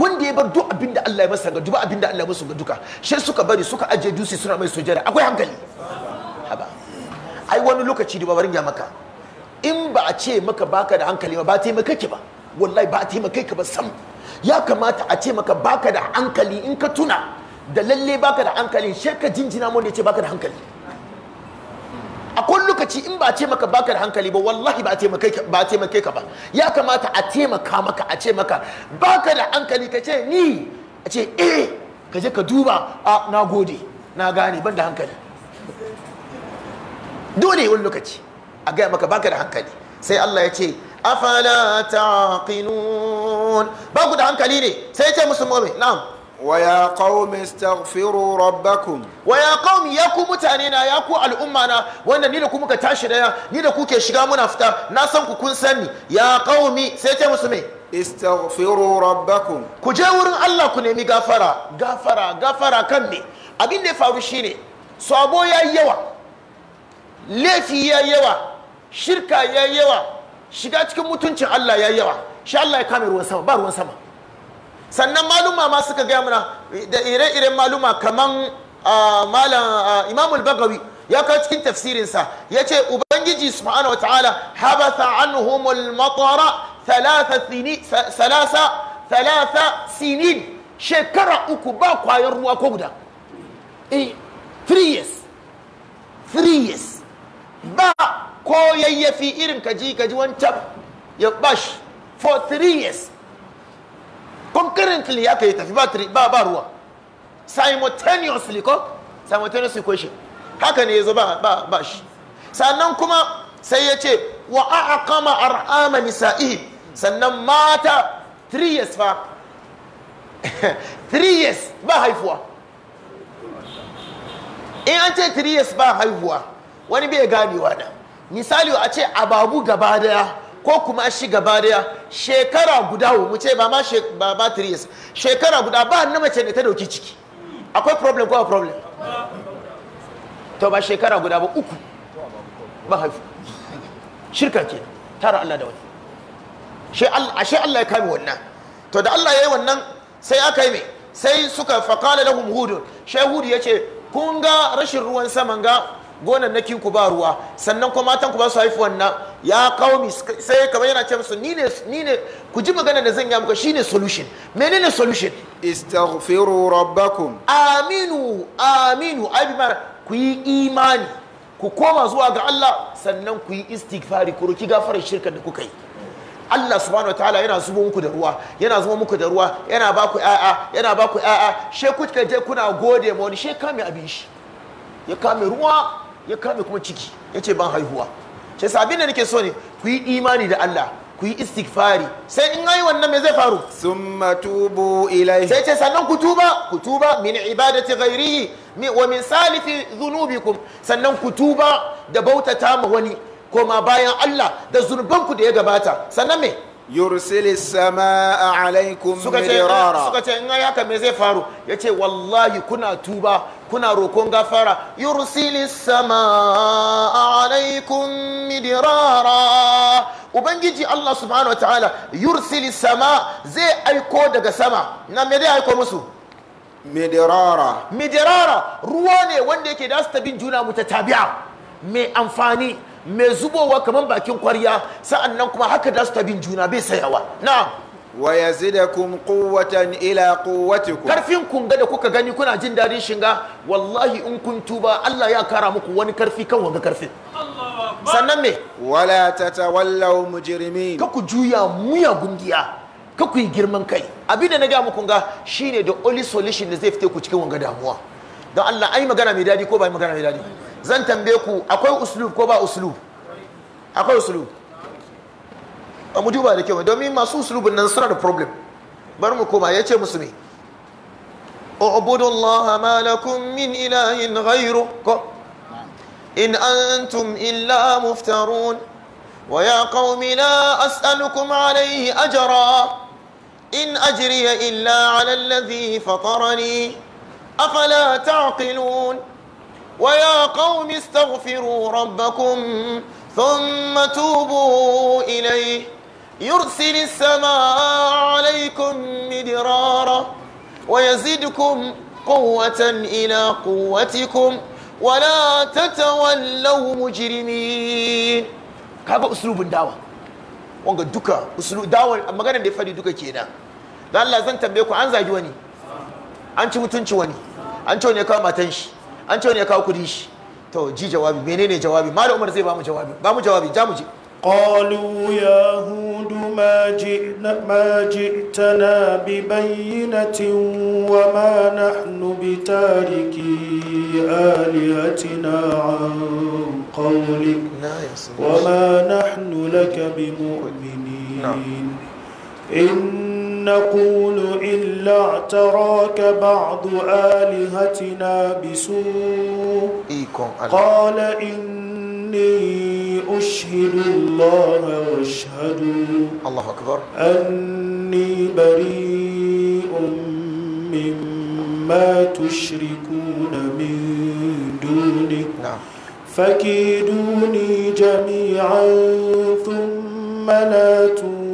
wanda ya bar duk abin da Allah ya masa ga duk abin da Allah ya masa ga duka shi suka bari suka aje dusi suna mai sujada akwai hankali haba ai wani lokaci da babarin ya maka in ba a ce maka baka da hankali ba ba maka ki ba wallahi ba ta yi maka ka ba sam ya kamata a ce maka baka da hankali in ka tuna da lalle baka da hankali shi ka jinjina mun ya ce baka da hankali a kun lokaci in ba a ce maka baka da hankali ba wallahi ba a taimake ka ba ya kamata a taimaka maka a ce maka baka da hankali ka ce ni a ce eh ka je ka duba a na gode na gane ban da hankali dole wani lokaci a gaya maka baka da hankali sai Allah ya ce afala taqilun ba ku da hankali ne sai ya ce musu mu'min na'am ويا قوم استغفروا ربكم ويا قوم ya ku mutane na ya ku al'umma na wanda ni da ku muka tashi daya ni da ku ke shiga muna fita na san ku kun sani ya qaumi sai ce musu me istaghfiru rabbakum ku je wurin Allah ku nemi gafara gafara gafara kan me abin da ya faru shine sabo ya yi yawa laifi ya yi yawa shirka ya yi yawa shiga cikin mutuncin Allah ya yi yawa shi Allah ya kama ruwan sama ba ruwan sama sannan maluma ma suka gaya mana da ire-iren maluma kaman ah, malam ah, imamul bagawi ya kai cikin tafsirinsa ya ce ubangiji subhanahu wataala habatha anhumul matara thalatha sinin shekara uku ba kwayar ruwa ko guda eh, three years three years ba ko yayyafi irin kaji kaji wancan ya bash for three years concurrently aka yi tafi battery ba ba ruwa simultaneously ko simultaneous equation haka ne yazo ba ba ba shi sannan kuma sai ya ce wa aqama ar'ama nisa'ihi sannan mata 3 years fa 3 years ba haifuwa in an ce 3 years ba haifuwa wani bai ganewa da misali a ce ababu gaba daya ko kuma shi gaba daya shekara guda mu ce ba ma ba ba years shekara guda ba na mace da ta dauki ciki akwai problem ko problem to ba shekara guda ba uku ba haifu shirka ke tara Allah da wani ashe Allah ya kame wannan to da Allah ya yi wannan sai aka yi mai sai suka faƙala lahum hudun shai hudu ya ce kun ga rashin ruwan saman ga na ku ba ruwa sannan kuma matan ku ba su haifu wannan ya kaumi sai kamar yana ce musu ni ne ni ne ku ji magana da zan yi muku shine solution menene solution istaghfiru rabbakum aminu aminu abimar ku yi imani ku koma zuwa ga Allah sannan ku yi istighfari ku roki gafarar shirka da kuka yi Allah subhanahu wataala yana zubo muku da ruwa yana zubo muku da ruwa yana ba ku ƴaƴa yana ba ku ƴaƴa she kuka je kuna gode ma wani she kame abin shi ya kame ruwa ya kame kuma ciki ya ce ban haihuwa ce sabin da nake so ne ku yi imani da Allah ku yi istighfari sai in yi wannan me zai faru summa tubu ilai sai ce sannan ku tuba ku tuba min ibadati ghairihi wa min salifi dhunubikum sannan ku tuba da bautata ma wani ko ma bayan Allah da zunubanku da ya gabata sannan me yursili sama'a alaikum suka ce in haka me zai faru yace wallahi kuna tuba kuna roƙon gafara yursilis sama alaikum midirara ubangiji Allah subhanahu wataala yursilis sama zai aiko daga sama na me zai aiko musu midirara midirara ruwa ne wanda yake da su tabin juna tabi'a mai amfani mai zubowa kamar bakin kwarya sa'annan kuma haka da su tabin juna bai sayawa na'am wa yazidakum quwwatan ila quwwatikum karfin kun ga da kuka gani kuna jin dadin shinga wallahi in kun tuba Allah ya kara muku wani karfi kan wanga karfin sannan me wala tatawallaw mujrimin ka ku juya muya gungiya ka yi girman kai abin da na ga kunga shi shine da only solution da zai fite ku cikin wanga damuwa don Allah ai magana mai dadi ko ba magana mai dadi zan tambaye ku akwai uslub ko ba uslub akwai uslub a mu duba da kyau domin masu sulubin nan suna da problem bar mu koma ya ce musu ne ubudu Allah ma lakum min ilahin ghayru ko in antum illa muftarun wa ya qaumi la as'alukum alayhi ajra in ajri illa ala alladhi fatarani afala taqilun wa ya qaumi astaghfiru rabbakum thumma tubu ilayhi يرسل السماء عليكم مدرارا ويزدكم قوة إلى قوتكم ولا تتولوا مجرمين كابا أسلوب الدعوة wanga duka uslu dawa maganar da ya faɗi duka kenan dan Allah zan tambaye ku an zagi wani an ci mutunci wani an ci wani ya kawo matan shi an ci wani ya kawo kudin shi to ji jawabi menene jawabi malam Umar zai ba mu jawabi ba mu jawabi ja mu je قالوا يا هود ما, جئنا ما جئتنا ببينة وما نحن بتاركي آلهتنا عن قولك وما نحن لك بمؤمنين نعم. إن نقول إلا اعتراك بعض آلهتنا بسوء قال إني أشهد الله واشهدوا الله أكبر أني بريء مما تشركون من دونه نعم فكيدوني جميعا ثم لا تنسوا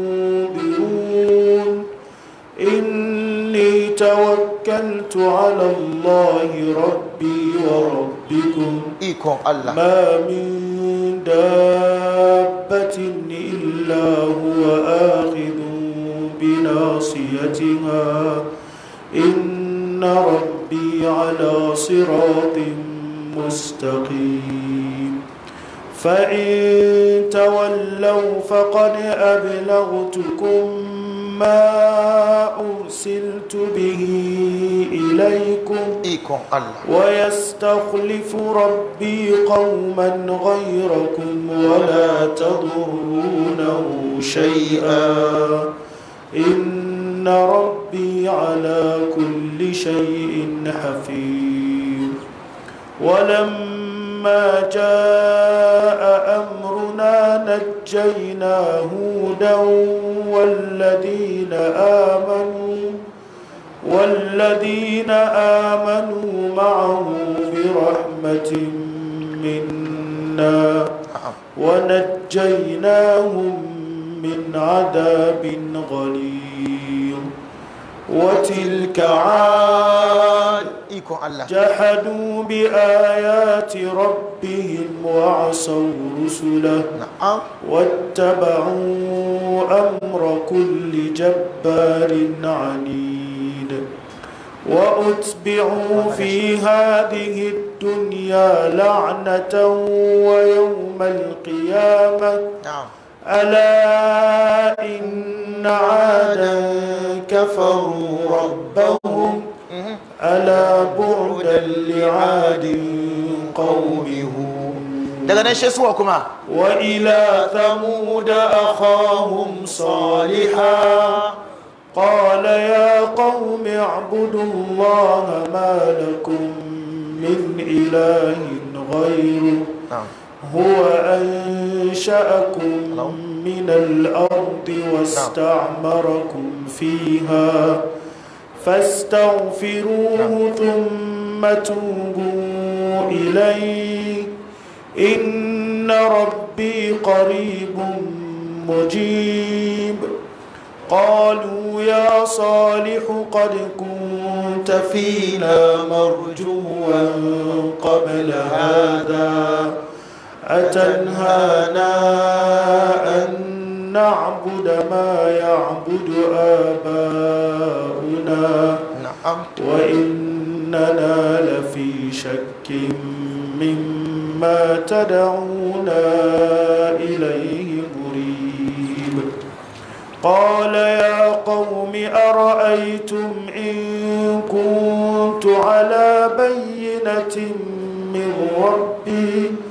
توكلت على الله ربي وربكم ما من دابة إلا هو آخذ بناصيتها إن ربي على صراط مستقيم فإن تولوا فقد أبلغتكم ما أرسلت به إليكم ويستخلف ربي قوما غيركم ولا تضرونه شيئا إن ربي على كل شيء حفيظ ولما جاء أمرنا نجينا هودا والذين آمنوا والذين آمنوا معه برحمة منا ونجيناهم من عذاب غليظ وتلك عاد جحدوا بآيات ربهم وعصوا رسله نعم واتبعوا أمر كل جبار عنيد وأتبعوا في هذه الدنيا لعنة ويوم القيامة نعم ألا إن إن عادا كفروا ربهم ألا بعدا لعاد قوم daga nan shi suwa kuma wa ila thamud akhahum saliha qala ya qaumi abudu allaha ma lakum min ilahin ghayruh هو أنشأكم من الأرض واستعمركم فيها فاستغفروه ثم توبوا إليه إن ربي قريب مجيب قالوا يا صالح قد كنت فينا مرجوا قبل هذا أتنهانا أن نعبد ما يعبد آباؤنا نعم وإننا لفي شك مما تدعونا إليه مريب قال يا قوم أرأيتم إن كنت على بينة من ربي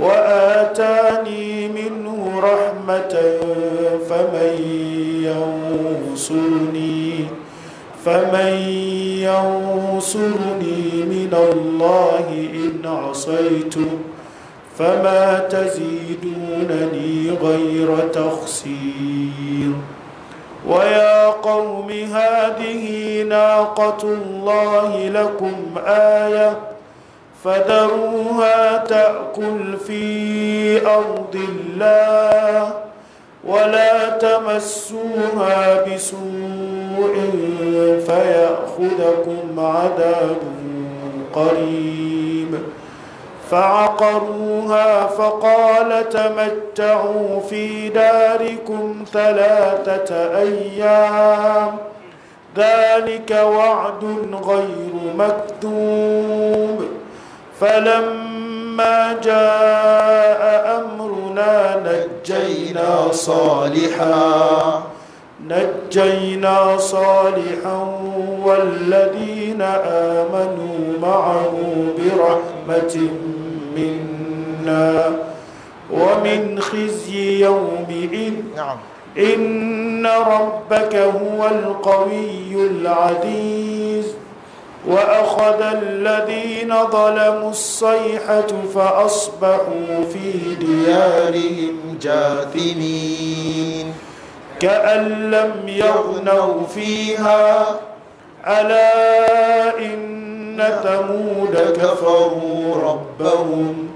وآتاني منه رحمة فمن ينصرني فمن ينصرني من الله إن عصيت فما تزيدونني غير تخسير ويا قوم هذه ناقة الله لكم آيةً فذروها تأكل في أرض الله ولا تمسوها بسوء فيأخذكم عذاب قريب فعقروها فقال تمتعوا في داركم ثلاثة أيام ذلك وعد غير مكذوب فلما جاء أمرنا نجينا صالحا نجينا صالحا والذين آمنوا معه برحمة منا ومن خزي يومئذ نعم إن ربك هو القوي العزيز وأخذ الذين ظلموا الصيحة فأصبحوا في ديارهم جاثمين كأن لم يغنوا فيها ألا إن ثمود كفروا ربهم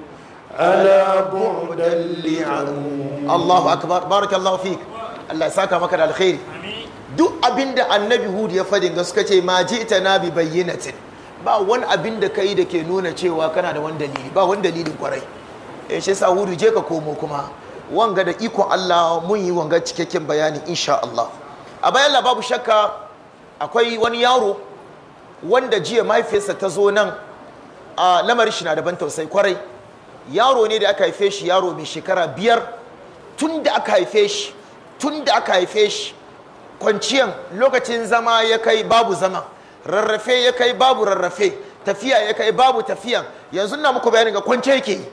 ألا بعدا لعمود الله أكبر بارك الله فيك الله يساك مكر الخير آمين duk abinda annabi hud ya fadin ga suka ce ma ita na bi bayyinatin ba wani abin da yi da ke nuna cewa kana da wani dalili ba wani dalilin kwarai ya eh, shi sa hudu je ka komo kuma wanga da ikon Allah mun yi wanga cikakken bayani insha Allah a bayan la babu shakka akwai wani yaro wanda jiya mahaifiyarsa ta zo nan a lamarin shi na daban tausai kwarai yaro ne da aka haife shi yaro mai shekara biyar tun da aka haife shi tun da aka haife shi kwanciyan lokacin zama ya kai babu zama rarrafe ya kai babu rarrafe tafiya ya kai babu tafiya yanzu na muku bayani ga kwance yake yi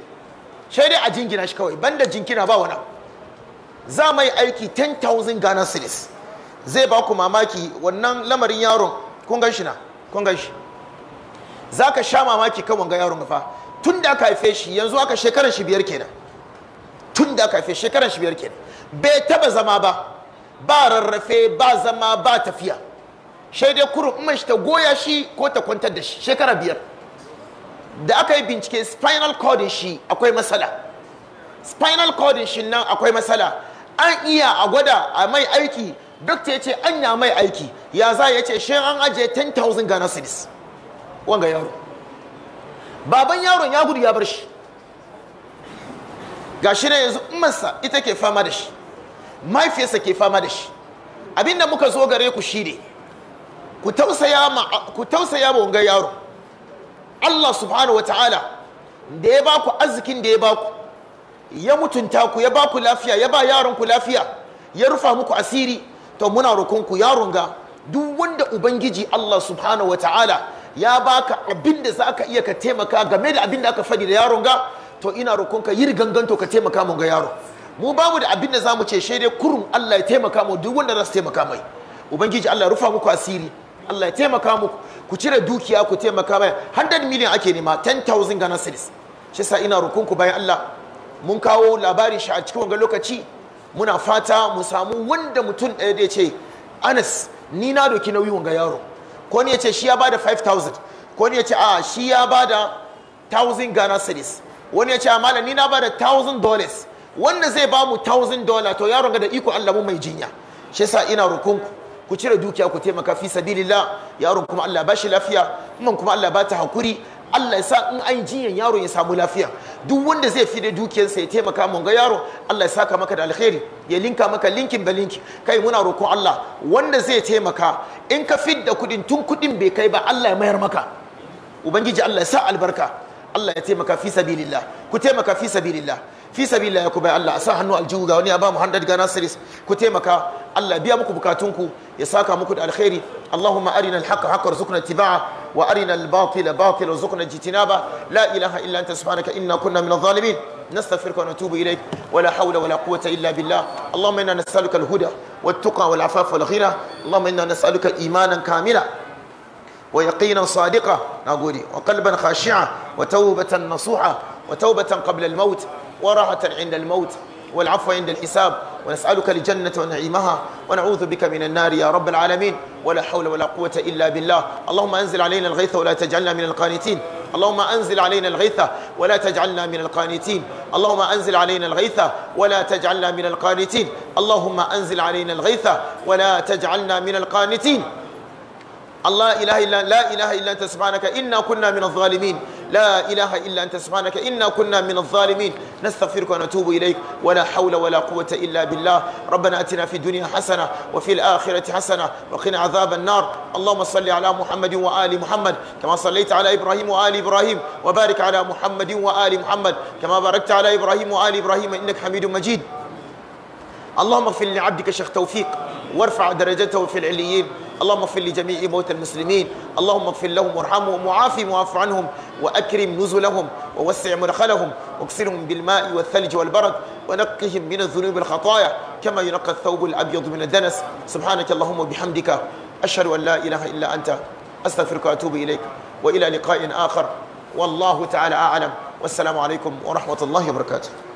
sai dai a jingina shi kawai banda jinkina ba wani za mai aiki 10,000 Ghana cities zai ba ku mamaki wannan lamarin yaron kun gan shi na kun gan shi za ka sha mamaki kan wanga yaron fa tun da aka haife shi yanzu aka shekaran shi biyar kenan tun da aka haife shekaran shi biyar kenan bai taba zama ba ba rarrafe ba zama ba tafiya shai dai kurun in ta goya shi ko ta kwantar da shi shekara biyar da aka yi bincike spinal cord shi akwai matsala spinal cord shi nan akwai matsala an iya a gwada a mai aiki duk ya ce an ya mai aiki ya za ya ce shi an ajiye 10,000 ghana cedis wanga yaro baban yaron ya gudu ya bar shi ga shi ne yanzu umarsa ita ke fama da shi mahaifiyarsa ke fama da shi abinda muka zo gare ku shi ne ku tausaya ma wangar yaro Allah subhanahu wa ta'ala da ya baku arzikin da ya baku ya mutunta ku ya baku lafiya ya ba yaron ku lafiya ya rufa muku asiri to muna roƙon ku yaron ga duk wanda ubangiji Allah subhanahu wa ta'ala ya baka abin da za iya ka taimaka game da abin da aka faɗi da yaron ga to ina rukunka yi ganganto ka taimaka mun ga yaro mu babu da abin da za mu ce shi dai kurum Allah ya taimaka mu duk wanda za su taimaka mai ubangiji Allah ya rufa muku asiri Allah ya taimaka muku ku cire dukiya ku taimaka mai 100 million ake nema 10000 Ghana cedis shi sa ina ku bayan Allah mun kawo labarin shi a cikin wannan lokaci muna fata mu samu wanda mutum ɗaya da ya ce Anas ni na doki nauyi wanga yaro ko ne ya ce shi ya bada 5000 ko ne ya ce a shi ya bada 1000 Ghana cedis wani ya ce a malam ni na bada 1000 dollars wanda zai ba mu thousand dollar to yaron ga da iko Allah mu mai jinya shi yasa ina rukunku ku cire dukiya ku taimaka fi sabilillah yaron kuma Allah ba shi lafiya man kuma Allah ba ta hakuri Allah ya sa in an jinyan yaron ya samu lafiya duk wanda zai fi da dukiyarsa ya taimaka mun ga yaron Allah ya saka maka da alkhairi ya linka maka linkin ba linki kai muna roƙon Allah wanda zai taimaka in ka da kudin tun kudin bai kai ba Allah ya mayar maka ubangiji Allah ya sa albarka Allah ya taimaka fi sabilillah ku taimaka fi sabilillah fi sabilillah ya ku bai Allah a sa hannu aljihu ga wani ya ba mu Ghana ku taimaka Allah biya muku bukatunku ya saka muku da alkhairi Allahumma arina al-haqqa haqqan warzuqna ittiba'a wa arina al-batila warzuqna ijtinaba la ilaha illa anta subhanaka inna kunna min adh-dhalimin نستغفرك ونتوب إليك ولا حول ولا قوة إلا بالله اللهم إنا نسألك الهدى والتقى والعفاف والغنى اللهم إنا نسألك إيمانا كاملا ويقينا صادقا نقولي وقلبا خاشعا وتوبة نصوحة وتوبة قبل الموت وراحة عند الموت والعفو عند الحساب ونسألك الجنة ونعيمها ونعوذ بك من النار يا رب العالمين ولا حول ولا قوة إلا بالله اللهم أنزل علينا الغيث ولا تجعلنا من القانتين اللهم أنزل علينا الغيث ولا تجعلنا من القانتين اللهم أنزل علينا الغيث ولا تجعلنا من القانتين اللهم أنزل علينا الغيث ولا تجعلنا من القانتين الله إله إلا لا إله إلا أنت سبحانك إنا كنا من الظالمين لا إله إلا أنت سبحانك إنا كنا من الظالمين نستغفرك ونتوب إليك ولا حول ولا قوة إلا بالله ربنا أتنا في الدنيا حسنة وفي الآخرة حسنة وقنا عذاب النار اللهم صل على محمد وآل محمد كما صليت على إبراهيم وآل إبراهيم وبارك على محمد وآل محمد كما باركت على إبراهيم وآل إبراهيم إنك حميد مجيد اللهم اغفر لعبدك شيخ توفيق وارفع درجته في العليين اللهم اغفر لجميع موتى المسلمين اللهم اغفر لهم وارحمهم وعافهم وعف عنهم وأكرم نزلهم ووسع مدخلهم واكسرهم بالماء والثلج والبرد ونقهم من الذنوب الخطايا كما ينقى الثوب الأبيض من الدنس سبحانك اللهم وبحمدك أشهد أن لا إله إلا أنت أستغفرك وأتوب إليك وإلى لقاء آخر والله تعالى أعلم والسلام عليكم ورحمة الله وبركاته